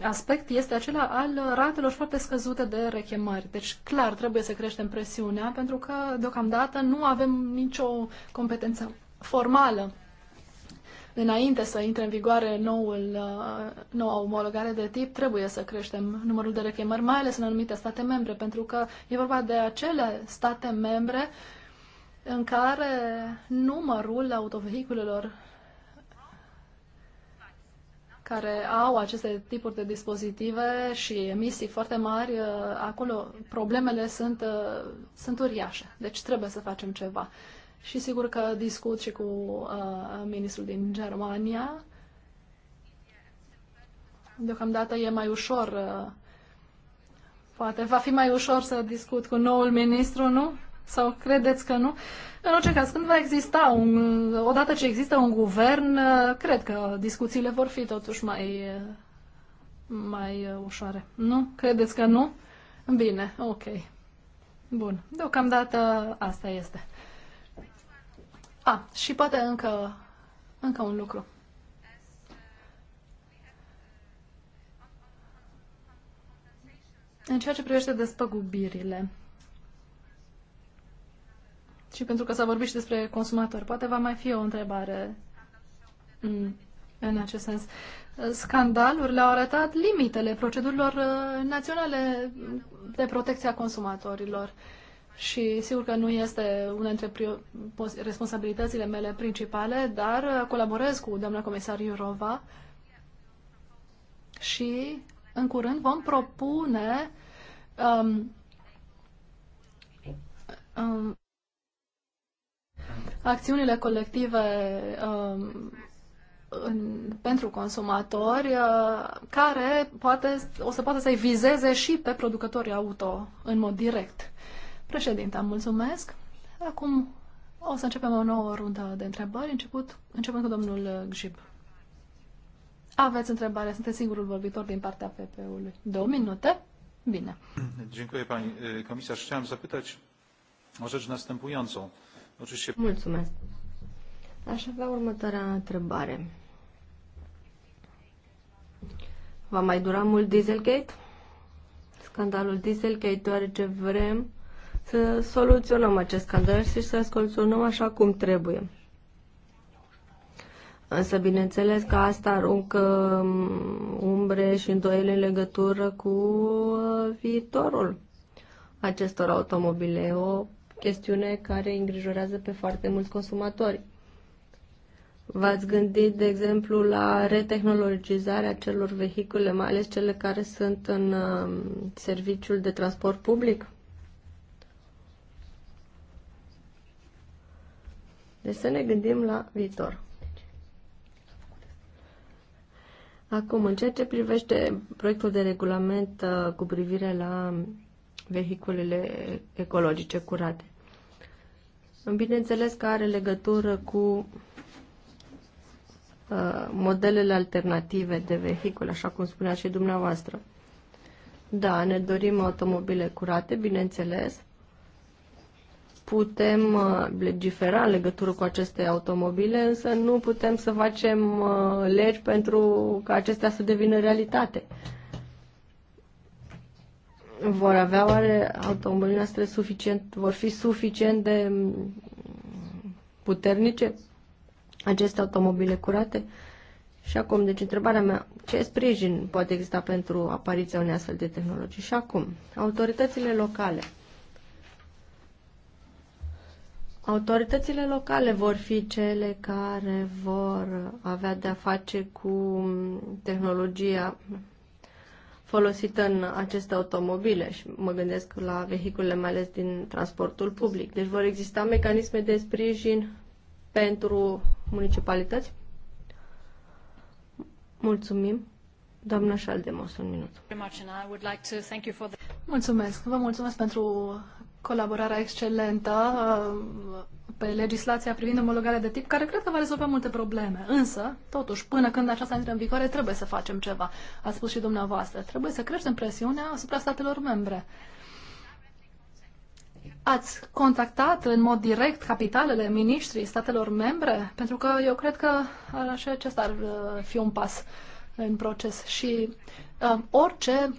aspect este acela al ratelor foarte scăzute de rechemări. Deci, clar, trebuie să creștem presiunea pentru că deocamdată nu avem nicio competență formală înainte să intre în vigoare noul, uh, noua omologare de tip, trebuie să creștem numărul de rechemări, mai ales în anumite state membre, pentru că e vorba de acele state membre în care numărul autovehiculelor care au aceste tipuri de dispozitive și emisii foarte mari, uh, acolo problemele sunt, uh, sunt uriașe. Deci trebuie să facem ceva. Și sigur că discut și cu uh, ministrul din Germania. Deocamdată e mai ușor, uh, poate va fi mai ușor să discut cu noul ministru, nu? sau credeți că nu? În orice caz, când va exista, un, odată ce există un guvern, cred că discuțiile vor fi totuși mai, mai ușoare. Nu? Credeți că nu? Bine, ok. Bun. Deocamdată asta este. A, și poate încă, încă un lucru. În ceea ce privește despăgubirile, și pentru că s-a vorbit și despre consumatori, poate va mai fi o întrebare mm, în acest sens. Scandalurile au arătat limitele procedurilor uh, naționale de protecție a consumatorilor. Și sigur că nu este una dintre responsabilitățile mele principale, dar uh, colaborez cu doamna comisar Iurova și în curând vom propune um, um, acțiunile colective um, în, pentru consumatori, uh, care poate, o să poată să-i vizeze și pe producătorii auto în mod direct. Președinte, mulțumesc. Acum o să începem o nouă rundă de întrebări, început, începând cu domnul uh, Gjib. Aveți întrebare, sunteți singurul vorbitor din partea PP-ului. Două minute? Bine. Dziękuję Pani Komisarz. Chciałem zapytać o rzecz następującą. Mulțumesc. Aș avea următoarea întrebare. Va mai dura mult Dieselgate? Scandalul Dieselgate, deoarece vrem să soluționăm acest scandal și să soluționăm așa cum trebuie. Însă, bineînțeles că asta aruncă mm, umbre și îndoiele în legătură cu uh, viitorul acestor automobile. O chestiune care îngrijorează pe foarte mulți consumatori. V-ați gândit, de exemplu, la retehnologizarea celor vehicule, mai ales cele care sunt în uh, serviciul de transport public? Deci să ne gândim la viitor. Acum, în ceea ce privește proiectul de regulament uh, cu privire la vehiculele ecologice curate. Bineînțeles că are legătură cu uh, modelele alternative de vehicule, așa cum spunea și dumneavoastră. Da, ne dorim automobile curate, bineînțeles. Putem uh, legifera în legătură cu aceste automobile, însă nu putem să facem uh, legi pentru ca acestea să devină realitate. Uh, vor avea oare automobilele noastre suficient, vor fi suficient de puternice aceste automobile curate? Și acum, deci întrebarea mea, ce sprijin poate exista pentru apariția unei astfel de tehnologii? Și acum, autoritățile locale. Autoritățile locale vor fi cele care vor avea de-a face cu tehnologia folosită în aceste automobile și mă gândesc la vehiculele mai ales din transportul public. Deci vor exista mecanisme de sprijin pentru municipalități? Mulțumim. Doamna Șaldemos, un minut. Mulțumesc. Vă mulțumesc pentru colaborarea excelentă pe legislația privind omologarea de tip, care cred că va rezolva multe probleme. Însă, totuși, până când aceasta intră în vigoare, trebuie să facem ceva. A spus și dumneavoastră. Trebuie să creștem presiunea asupra statelor membre. Ați contactat în mod direct capitalele, ministrii statelor membre? Pentru că eu cred că așa acesta ar uh, fi un pas în proces și uh, orice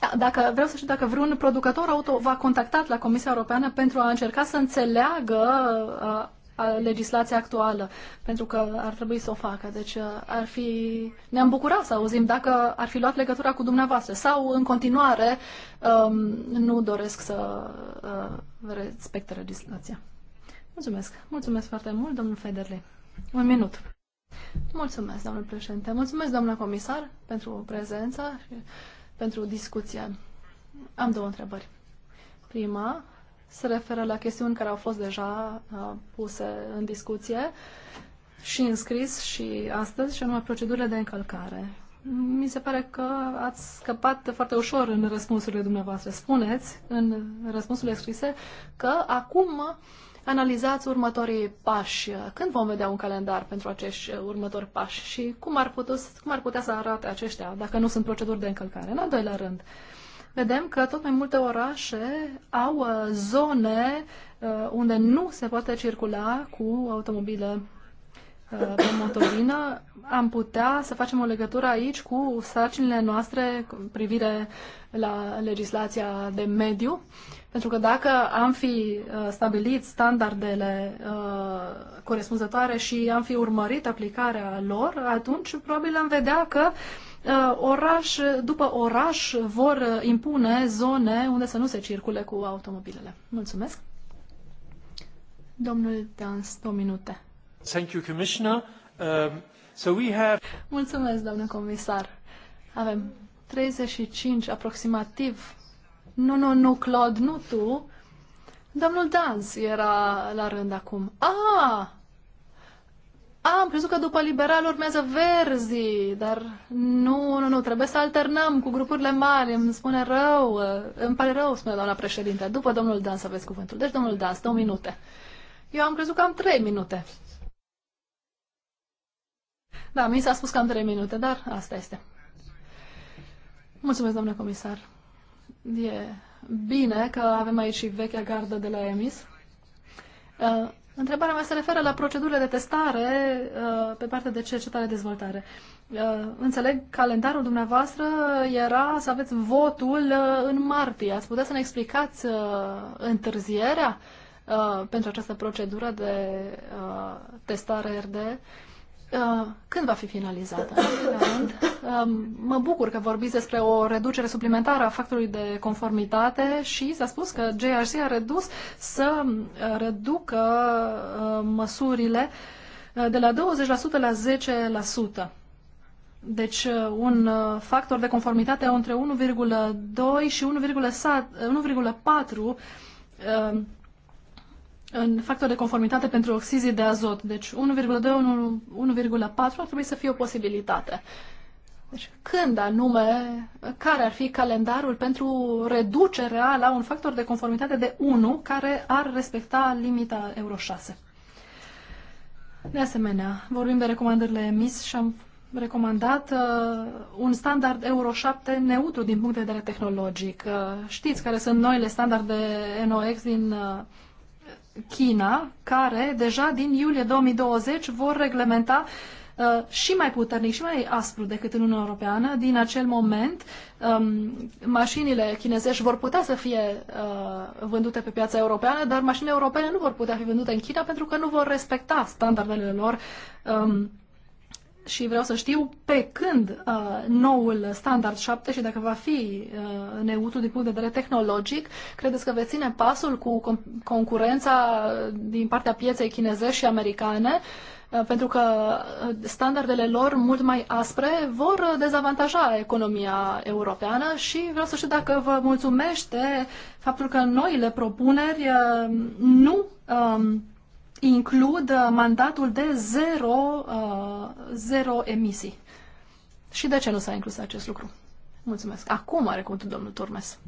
da, dacă vreau să știu dacă vreun producător auto va contactat la Comisia Europeană pentru a încerca să înțeleagă a, uh, a, uh, legislația actuală, pentru că ar trebui să o facă. Deci uh, ar fi, ne-am bucurat să auzim dacă ar fi luat legătura cu dumneavoastră sau în continuare um, nu doresc să uh, respecte legislația. Mulțumesc. Mulțumesc foarte mult, domnul Federle. Un minut. Mulțumesc, domnul președinte. Mulțumesc, doamna comisar, pentru prezența. Și pentru discuție. Am două întrebări. Prima se referă la chestiuni care au fost deja uh, puse în discuție și înscris și astăzi, și anume procedurile de încălcare. Mi se pare că ați scăpat foarte ușor în răspunsurile dumneavoastră. Spuneți în răspunsurile scrise că acum analizați următorii pași. Când vom vedea un calendar pentru acești următori pași și cum ar, putea, cum ar putea să arate aceștia dacă nu sunt proceduri de încălcare? În al doilea rând, vedem că tot mai multe orașe au uh, zone uh, unde nu se poate circula cu automobile uh, pe motorină, am putea să facem o legătură aici cu sarcinile noastre cu privire la legislația de mediu pentru că dacă am fi uh, stabilit standardele uh, corespunzătoare și am fi urmărit aplicarea lor, atunci probabil am vedea că uh, oraș după oraș vor impune zone unde să nu se circule cu automobilele. Mulțumesc. Domnul Dans, două minute. Thank you, Commissioner. Um, so we have... Mulțumesc, doamnă comisar. Avem 35 aproximativ nu, nu, nu, Claude, nu tu. Domnul Dans era la rând acum. Ah! A, am crezut că după liberal urmează verzi, dar nu, nu, nu, trebuie să alternăm cu grupurile mari, îmi spune rău, îmi pare rău, spune doamna președinte. După domnul Dan să aveți cuvântul. Deci, domnul Dan, două minute. Eu am crezut că am trei minute. Da, mi s-a spus că am trei minute, dar asta este. Mulțumesc, domnule comisar. E bine că avem aici și vechea gardă de la EMIS. Uh, întrebarea mea se referă la procedurile de testare uh, pe partea de cercetare-dezvoltare. Uh, înțeleg, calendarul dumneavoastră era să aveți votul în martie. Ați putea să ne explicați întârzierea pentru această procedură de testare RD? Uh, când va fi finalizată? Um, mă bucur că vorbiți despre o reducere suplimentară a factorului de conformitate și s-a spus că JRC a redus să uh, reducă uh, măsurile de la 20% la 10%. Deci un factor de conformitate între 1,2 și 1,4 în factor de conformitate pentru oxizii de azot. Deci 1,2-1,4 ar trebui să fie o posibilitate. Deci când anume, care ar fi calendarul pentru reducerea la un factor de conformitate de 1 care ar respecta limita Euro 6? De asemenea, vorbim de recomandările emis și am recomandat uh, un standard Euro 7 neutru din punct de vedere tehnologic. Uh, știți care sunt noile standarde NOx din uh, China, care deja din iulie 2020 vor reglementa uh, și mai puternic și mai aspru decât în Uniunea Europeană. Din acel moment, um, mașinile chinezești vor putea să fie uh, vândute pe piața europeană, dar mașinile europene nu vor putea fi vândute în China pentru că nu vor respecta standardele lor um, și vreau să știu pe când uh, noul standard 7 și dacă va fi uh, neutru din punct de vedere tehnologic, credeți că veți ține pasul cu concurența uh, din partea pieței chineze și americane? Uh, pentru că uh, standardele lor mult mai aspre vor dezavantaja economia europeană și vreau să știu dacă vă mulțumește faptul că noile propuneri nu um, includ uh, mandatul de zero, uh, zero emisii. Și de ce nu s-a inclus acest lucru? Mulțumesc. Acum are cuvântul domnul Turmes.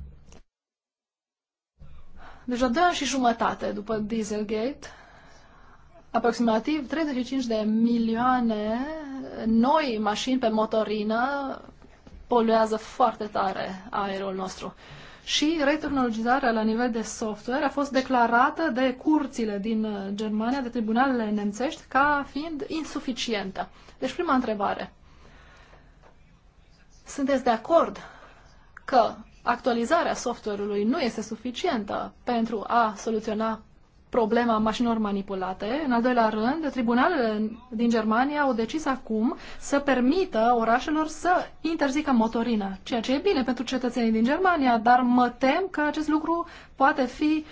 Deci la ani și jumătate după Dieselgate, aproximativ 35 de milioane noi mașini pe motorină poluează foarte tare aerul nostru și retehnologizarea la nivel de software a fost declarată de curțile din uh, Germania, de tribunalele nemțești, ca fiind insuficientă. Deci prima întrebare. Sunteți de acord că actualizarea software-ului nu este suficientă pentru a soluționa problema mașinilor manipulate. În al doilea rând, tribunalele din Germania au decis acum să permită orașelor să interzică motorina, ceea ce e bine pentru cetățenii din Germania, dar mă tem că acest lucru poate fi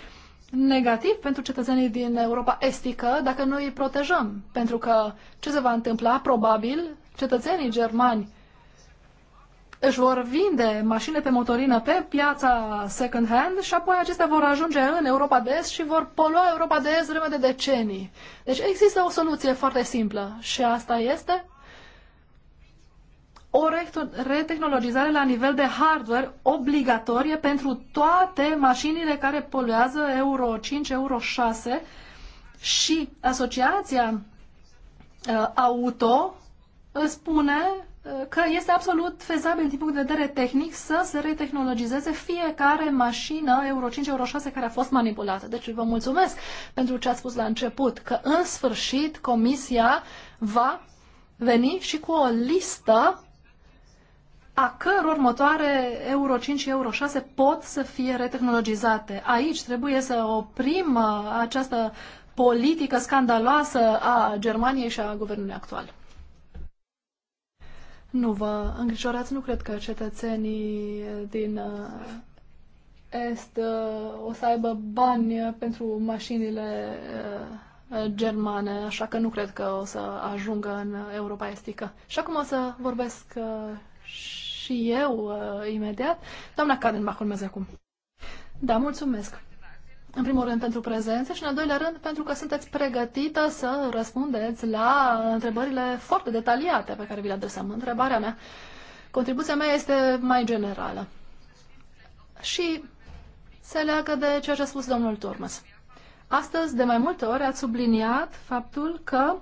negativ pentru cetățenii din Europa Estică dacă noi îi protejăm. Pentru că ce se va întâmpla? Probabil cetățenii germani își vor vinde mașine pe motorină pe piața second-hand și apoi acestea vor ajunge în Europa de Est și vor polua Europa de Est vreme de decenii. Deci există o soluție foarte simplă și asta este o retehnologizare la nivel de hardware obligatorie pentru toate mașinile care poluează Euro 5, Euro 6 și asociația uh, auto spune că este absolut fezabil din punct de vedere tehnic să se retehnologizeze fiecare mașină Euro 5, Euro 6 care a fost manipulată. Deci vă mulțumesc pentru ce ați spus la început, că în sfârșit Comisia va veni și cu o listă a căror motoare Euro 5 și Euro 6 pot să fie retehnologizate. Aici trebuie să oprim uh, această politică scandaloasă a Germaniei și a guvernului actual. Nu vă îngrijorați, nu cred că cetățenii eh, din eh, Est eh, o să aibă bani pentru mașinile germane, așa că nu cred că o să ajungă în Europa Estică. Și acum o să vorbesc și eu imediat. Doamna Cadenbach urmează acum. Da, mulțumesc în primul rând pentru prezență și în al doilea rând pentru că sunteți pregătită să răspundeți la întrebările foarte detaliate pe care vi le adresăm. Întrebarea mea, contribuția mea este mai generală și se leagă de ceea ce a spus domnul Turmes. Astăzi, de mai multe ori, ați subliniat faptul că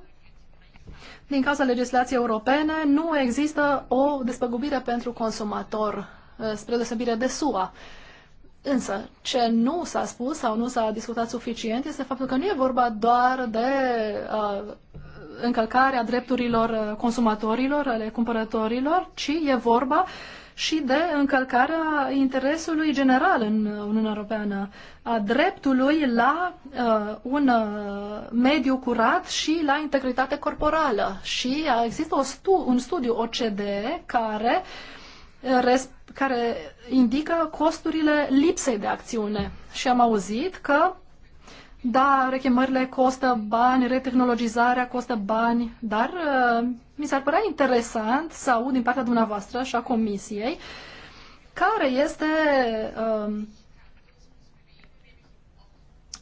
din cauza legislației europene nu există o despăgubire pentru consumator, spre deosebire de SUA. Uh, Însă, ce nu s-a spus sau nu s-a discutat suficient este faptul că nu e vorba doar de uh, încălcarea drepturilor uh, consumatorilor, ale cumpărătorilor, ci e vorba și de încălcarea interesului general în Uniunea Europeană, a dreptului la uh, un uh, mediu curat și la integritate corporală. Și uh, există o stu- un studiu OCDE care uh, care indică costurile lipsei de acțiune. Și am auzit că, da, rechemările costă bani, retehnologizarea costă bani, dar uh, mi s-ar părea interesant să aud din partea dumneavoastră și a Comisiei care este um,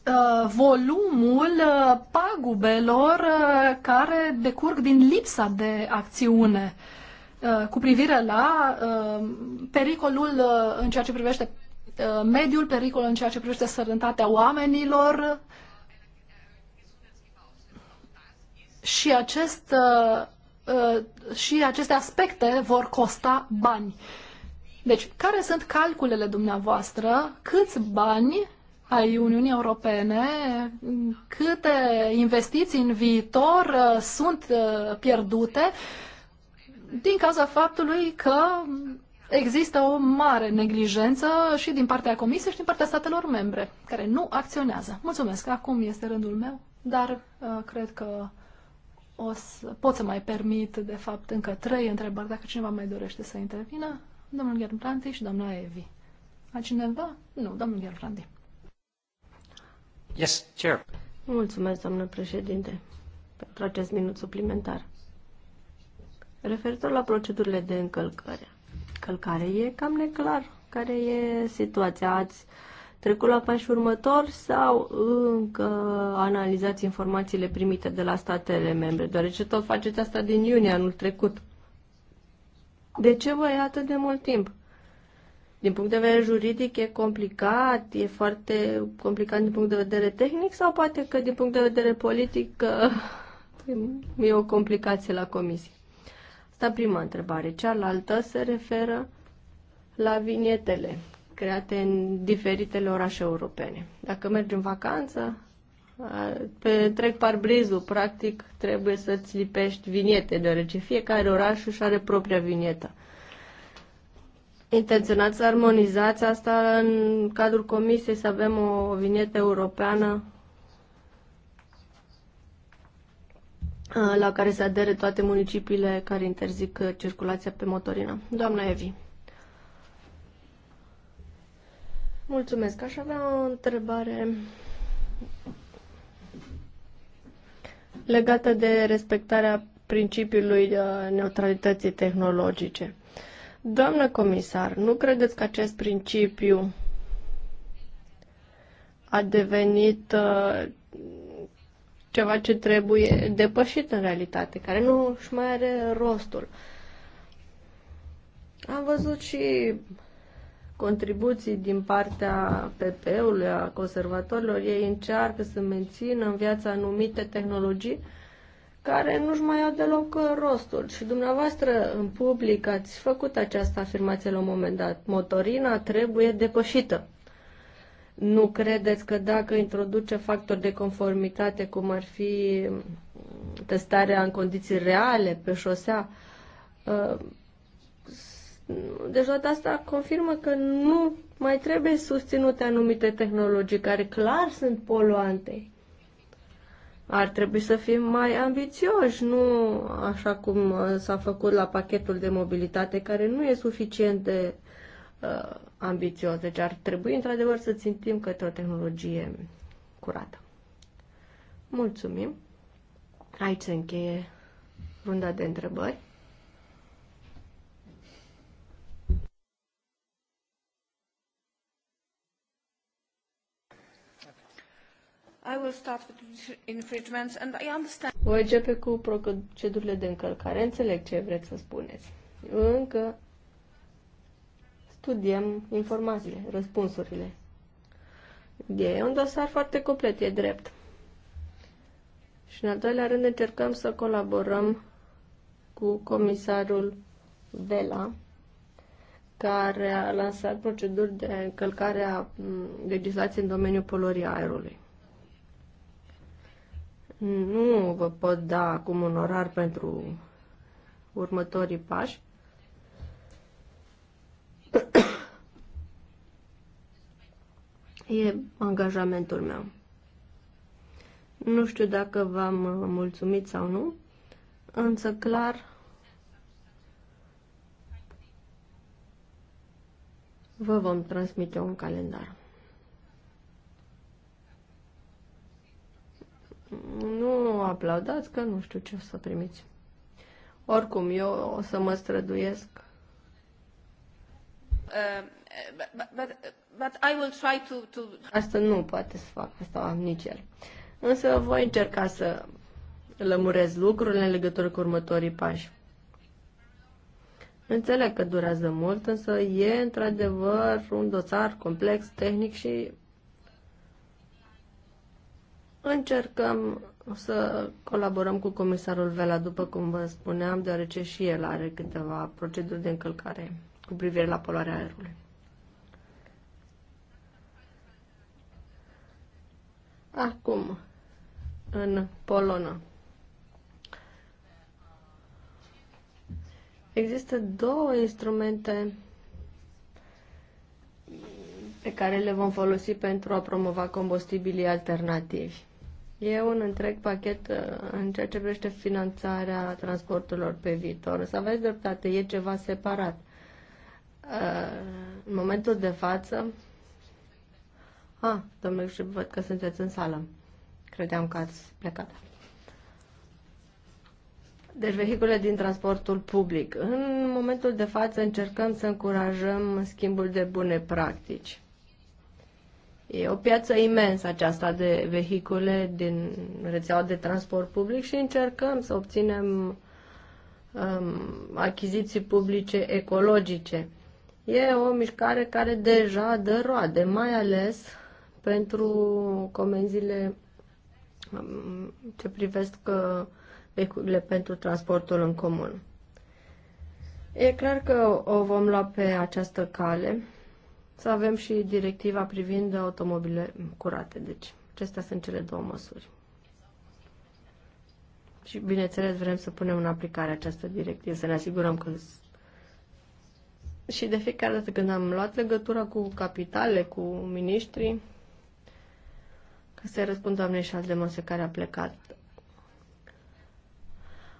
uh, volumul uh, pagubelor uh, care decurg din lipsa de acțiune. Uh, cu privire la uh, pericolul uh, în ceea ce privește mediul, pericolul în ceea ce privește sănătatea oamenilor. Și, acest, și aceste aspecte vor costa bani. Deci, care sunt calculele dumneavoastră? Câți bani ai Uniunii Europene, câte investiții în viitor sunt pierdute din cauza faptului că există o mare neglijență și din partea Comisiei și din partea statelor membre, care nu acționează. Mulțumesc, acum este rândul meu, dar uh, cred că o să, pot să mai permit, de fapt, încă trei întrebări, dacă cineva mai dorește să intervină. Domnul Gherbrandi și doamna Evi. A cineva? Nu, domnul Gherbrandi. Yes, chair. Mulțumesc, domnule președinte, pentru acest minut suplimentar. Referitor la procedurile de încălcare, încălcare e cam neclar care e situația. Ați trecut la pași următori sau încă analizați informațiile primite de la statele membre, deoarece tot faceți asta din iunie anul trecut. De ce vă ia atât de mult timp? Din punct de vedere juridic e complicat, e foarte complicat din punct de vedere tehnic sau poate că din punct de vedere politic e o complicație la comisie? Asta prima întrebare. Cealaltă se referă la vinietele create în diferitele orașe europene. Dacă mergi în vacanță, pe trec parbrizul, practic trebuie să-ți lipești viniete, deoarece fiecare oraș își are propria vinietă. Intenționați să armonizați asta în cadrul comisiei, să avem o vinietă europeană Uh, la care se adere toate municipiile care interzic uh, circulația pe motorină. Doamna Evi. Mulțumesc. Aș avea o întrebare legată de respectarea principiului uh, neutralității tehnologice. Doamnă comisar, nu credeți că acest principiu a devenit ceva ce trebuie depășit în realitate, care nu își mai are rostul. Am văzut și contribuții din partea PP-ului, a conservatorilor. Ei încearcă să mențină în viața anumite tehnologii care nu-și mai au deloc rostul. Și dumneavoastră, în public, ați făcut această afirmație la un moment dat. Motorina trebuie depășită. Nu credeți că dacă introduce factori de conformitate, cum ar fi testarea în condiții reale pe șosea, uh, deci toată asta confirmă că nu mai trebuie susținute anumite tehnologii care clar sunt poluante. Ar trebui să fim mai ambițioși, nu așa cum uh, s-a făcut la pachetul de mobilitate, care nu e suficient de uh, ambițios. Deci ar trebui, într-adevăr, să țintim către o tehnologie curată. Mulțumim! Aici se încheie runda de întrebări. I will start with infringements and I understand. Voi începe cu procedurile de încălcare. Înțeleg ce vreți să spuneți. Încă studiem informațiile, răspunsurile. E un dosar foarte complet, e drept. Și în al doilea rând încercăm să colaborăm cu comisarul Vela, care a lansat proceduri de încălcare a legislației în domeniul poluării aerului. Nu vă pot da acum un orar pentru următorii pași, E angajamentul meu. Nu știu dacă v-am uh, mulțumit sau nu, însă clar vă vom transmite un calendar. Nu aplaudați că nu știu ce o să primiți. Oricum, eu o să mă străduiesc Um, uh, but, but, I will try to, to... Asta nu poate să fac, asta nici el. Însă voi încerca să lămurez lucrurile în legătură cu următorii pași. Înțeleg că durează mult, însă e într-adevăr un dosar complex, tehnic și încercăm să colaborăm cu comisarul Vela, după cum vă spuneam, deoarece și el are câteva proceduri de încălcare cu privire la poluarea aerului. Acum, în Polonă. Există două instrumente pe care le vom folosi pentru a promova combustibilii alternativi. E un întreg pachet uh, în ceea ce privește finanțarea transporturilor pe viitor. Să aveți dreptate, e ceva separat în momentul de față... Ah, domnule și văd că sunteți în sală. Credeam că ați plecat. Deci vehicule din transportul public. În momentul de față încercăm să încurajăm schimbul de bune practici. E o piață imensă aceasta de vehicule din rețeaua de transport public și încercăm să obținem um, achiziții publice ecologice. E o mișcare care deja dă roade, mai ales pentru comenzile um, ce privesc uh, vehiculele pentru transportul în comun. E clar că o vom lua pe această cale. Să avem și directiva privind automobile curate. Deci, acestea sunt cele două măsuri. Și, bineînțeles, vrem să punem în aplicare această directivă, să ne asigurăm că și de fiecare dată când am luat legătura cu capitale, cu miniștrii, ca să-i răspund doamnei măsă care a plecat,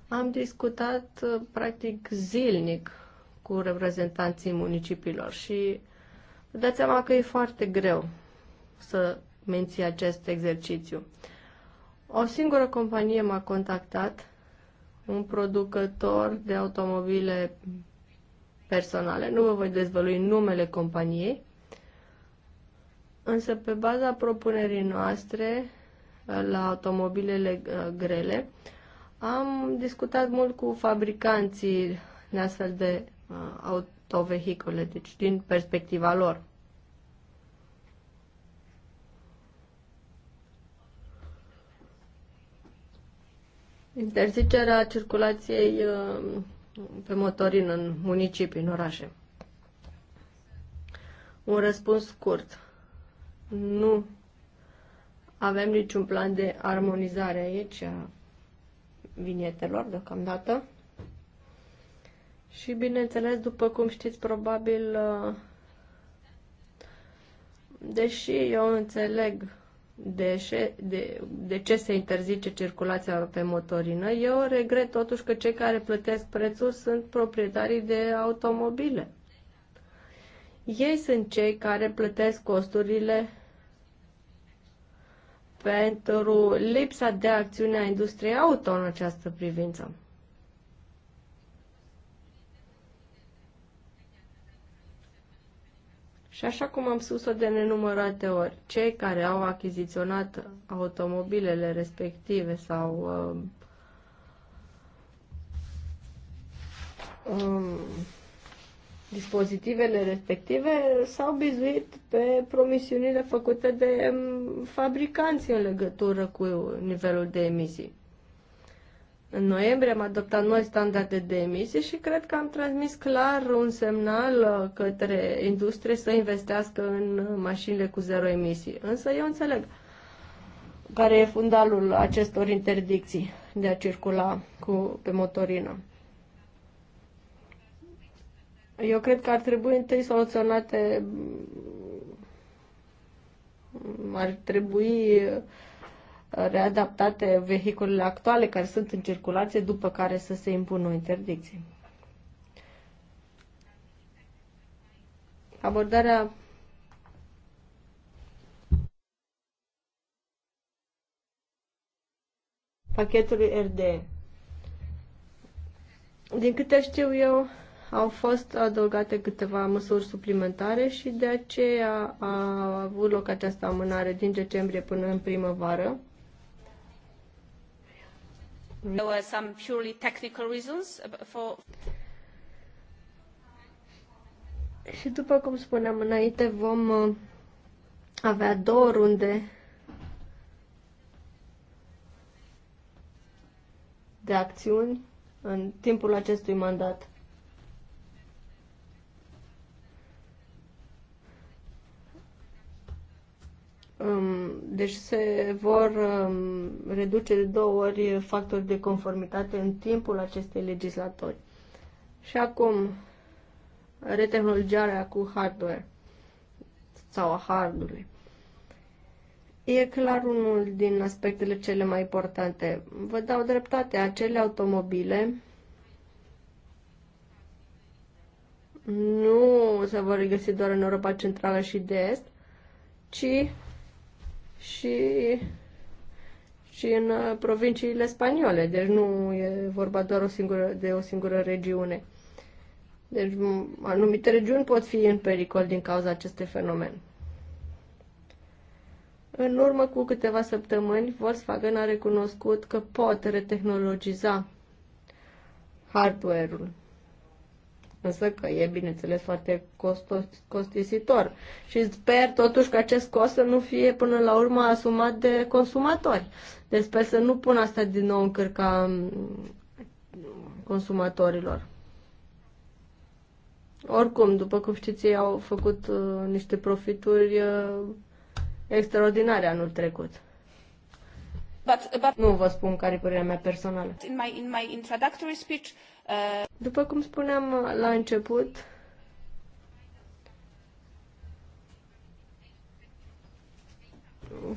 am discutat uh, practic zilnic cu reprezentanții municipiilor și vă dați seama că e foarte greu să menții acest exercițiu. O singură companie m-a contactat, un producător de automobile personale. Nu vă voi dezvălui numele companiei, însă pe baza propunerii noastre uh, la automobilele uh, grele, am discutat mult cu fabricanții de astfel de uh, autovehicule, deci din perspectiva lor. Interzicerea circulației uh, pe motorin în municipii, în orașe. Un răspuns scurt. Nu avem niciun plan de armonizare aici a vinietelor deocamdată. Și bineînțeles, după cum știți, probabil, uh, deși eu înțeleg șe- de, de ce se interzice circulația pe motorină. Eu regret totuși că cei care plătesc prețul sunt proprietarii de automobile. Ei sunt cei care plătesc costurile pentru lipsa de acțiune a industriei auto în această privință. Și așa cum am spus-o de nenumărate ori, cei care au achiziționat automobilele respective sau um, um, dispozitivele respective s-au bizuit pe promisiunile făcute de um, fabricanți în legătură cu nivelul de emisii. În noiembrie am adoptat noi standarde de emisie și cred că am transmis clar un semnal uh, către industrie să investească în mașinile cu zero emisii. Însă eu înțeleg care e fundalul acestor interdicții de a circula cu, pe motorină. Eu cred că ar trebui întâi soluționate ar trebui readaptate vehiculele actuale care sunt în circulație, după care să se impună o interdicție. Abordarea pachetului RD. Din câte știu eu, au fost adăugate câteva măsuri suplimentare și de aceea a avut loc această amânare din decembrie până în primăvară. There were some purely technical reasons uh, for... Și după cum spuneam înainte, vom uh, avea două runde de acțiuni în timpul acestui mandat. Um, deci se vor um, reduce de două ori factori de conformitate în timpul acestei legislatori. Și acum, retehnologiarea cu hardware sau a hardului. E clar unul din aspectele cele mai importante. Vă dau dreptate, acele automobile nu se vor regăsi doar în Europa Centrală și de Est, ci și, și în uh, provinciile spaniole, deci nu e vorba doar o singură, de o singură regiune. Deci anumite regiuni pot fi în pericol din cauza acestui fenomen. În urmă cu câteva săptămâni, Volkswagen a recunoscut că pot retehnologiza hardware-ul însă că e, bineînțeles, foarte costos, costisitor. Și sper totuși că acest cost să nu fie până la urmă asumat de consumatori. Deci sper să nu pun asta din nou în cărca mm, consumatorilor. Oricum, după cum știți, ei au făcut uh, niște profituri uh, extraordinare anul trecut. But, but... Nu vă spun care e părerea mea personală. In my, in my introductory speech, uh... După cum spuneam uh, la început,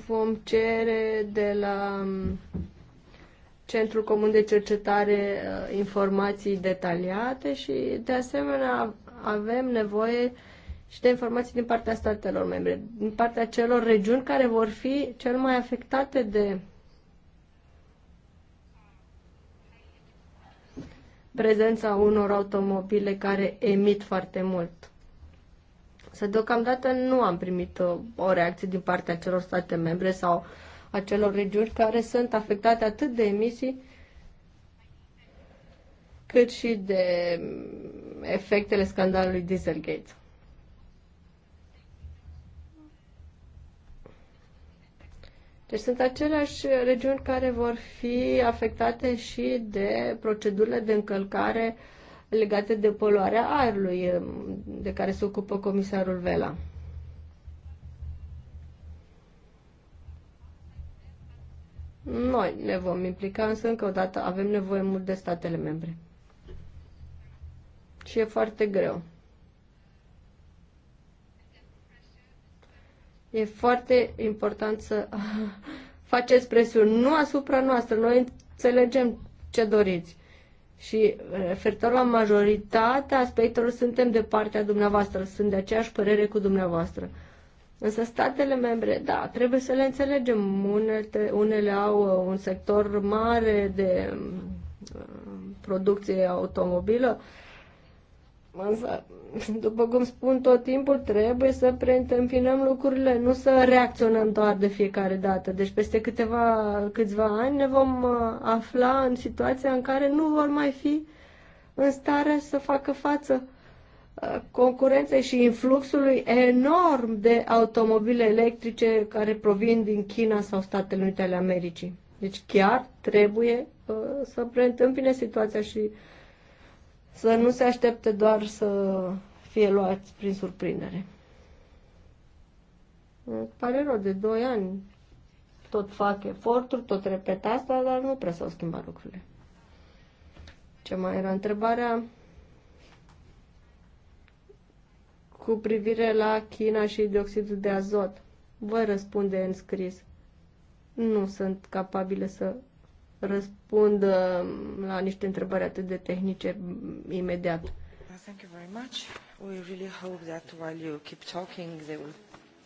vom cere de la um, Centrul Comun de Cercetare uh, informații detaliate și, de asemenea, avem nevoie și de informații din partea statelor membre, din partea celor regiuni care vor fi cel mai afectate de prezența unor automobile care emit foarte mult. Să deocamdată nu am primit uh, o reacție din partea celor state membre sau a celor regiuni care sunt afectate atât de emisii cât și de mm, efectele scandalului Dieselgate. Deci sunt aceleași regiuni care vor fi afectate și de procedurile de încălcare legate de poluarea aerului, de care se ocupă comisarul Vela. Noi ne vom implica, însă încă o dată avem nevoie mult de statele membre. Și e foarte greu. E foarte important să faceți presiuni, nu asupra noastră, noi înțelegem ce doriți. Și referitor la majoritatea aspectelor, suntem de partea dumneavoastră, sunt de aceeași părere cu dumneavoastră. Însă statele membre, da, trebuie să le înțelegem. Unele, unele au uh, un sector mare de uh, producție automobilă, uh, Însă, după cum spun tot timpul, trebuie să preîntâmpinăm lucrurile, nu să reacționăm doar de fiecare dată. Deci peste câteva, câțiva ani ne vom uh, afla în situația în care nu vor mai fi în stare să facă față uh, concurenței și influxului enorm de automobile electrice care provin din China sau Statele Unite ale Americii. Deci chiar trebuie uh, să preîntâmpine situația și uh, să nu se aștepte doar să fie luați prin surprindere. Îmi pare rău, de 2 ani tot fac eforturi, tot repet asta, dar nu prea s-au schimbat lucrurile. Ce mai era întrebarea? Cu privire la China și dioxidul de azot, voi răspunde în scris. Nu sunt capabile să răspund uh, la niște întrebări atât de tehnice imediat. Thank you very much. We really hope that while you keep talking, they will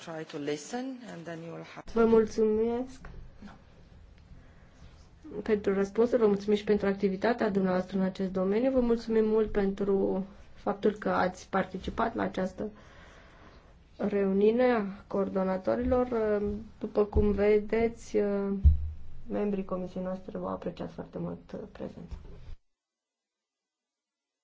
try to listen and then you will have... Vă mulțumesc pentru răspunsul, vă mulțumim și pentru activitatea dumneavoastră în acest domeniu. Vă mulțumim mult pentru faptul că ați participat la această reuniune a coordonatorilor. După cum vedeți, membrii comisiei noastre v-au apreciat foarte mult uh, prezența.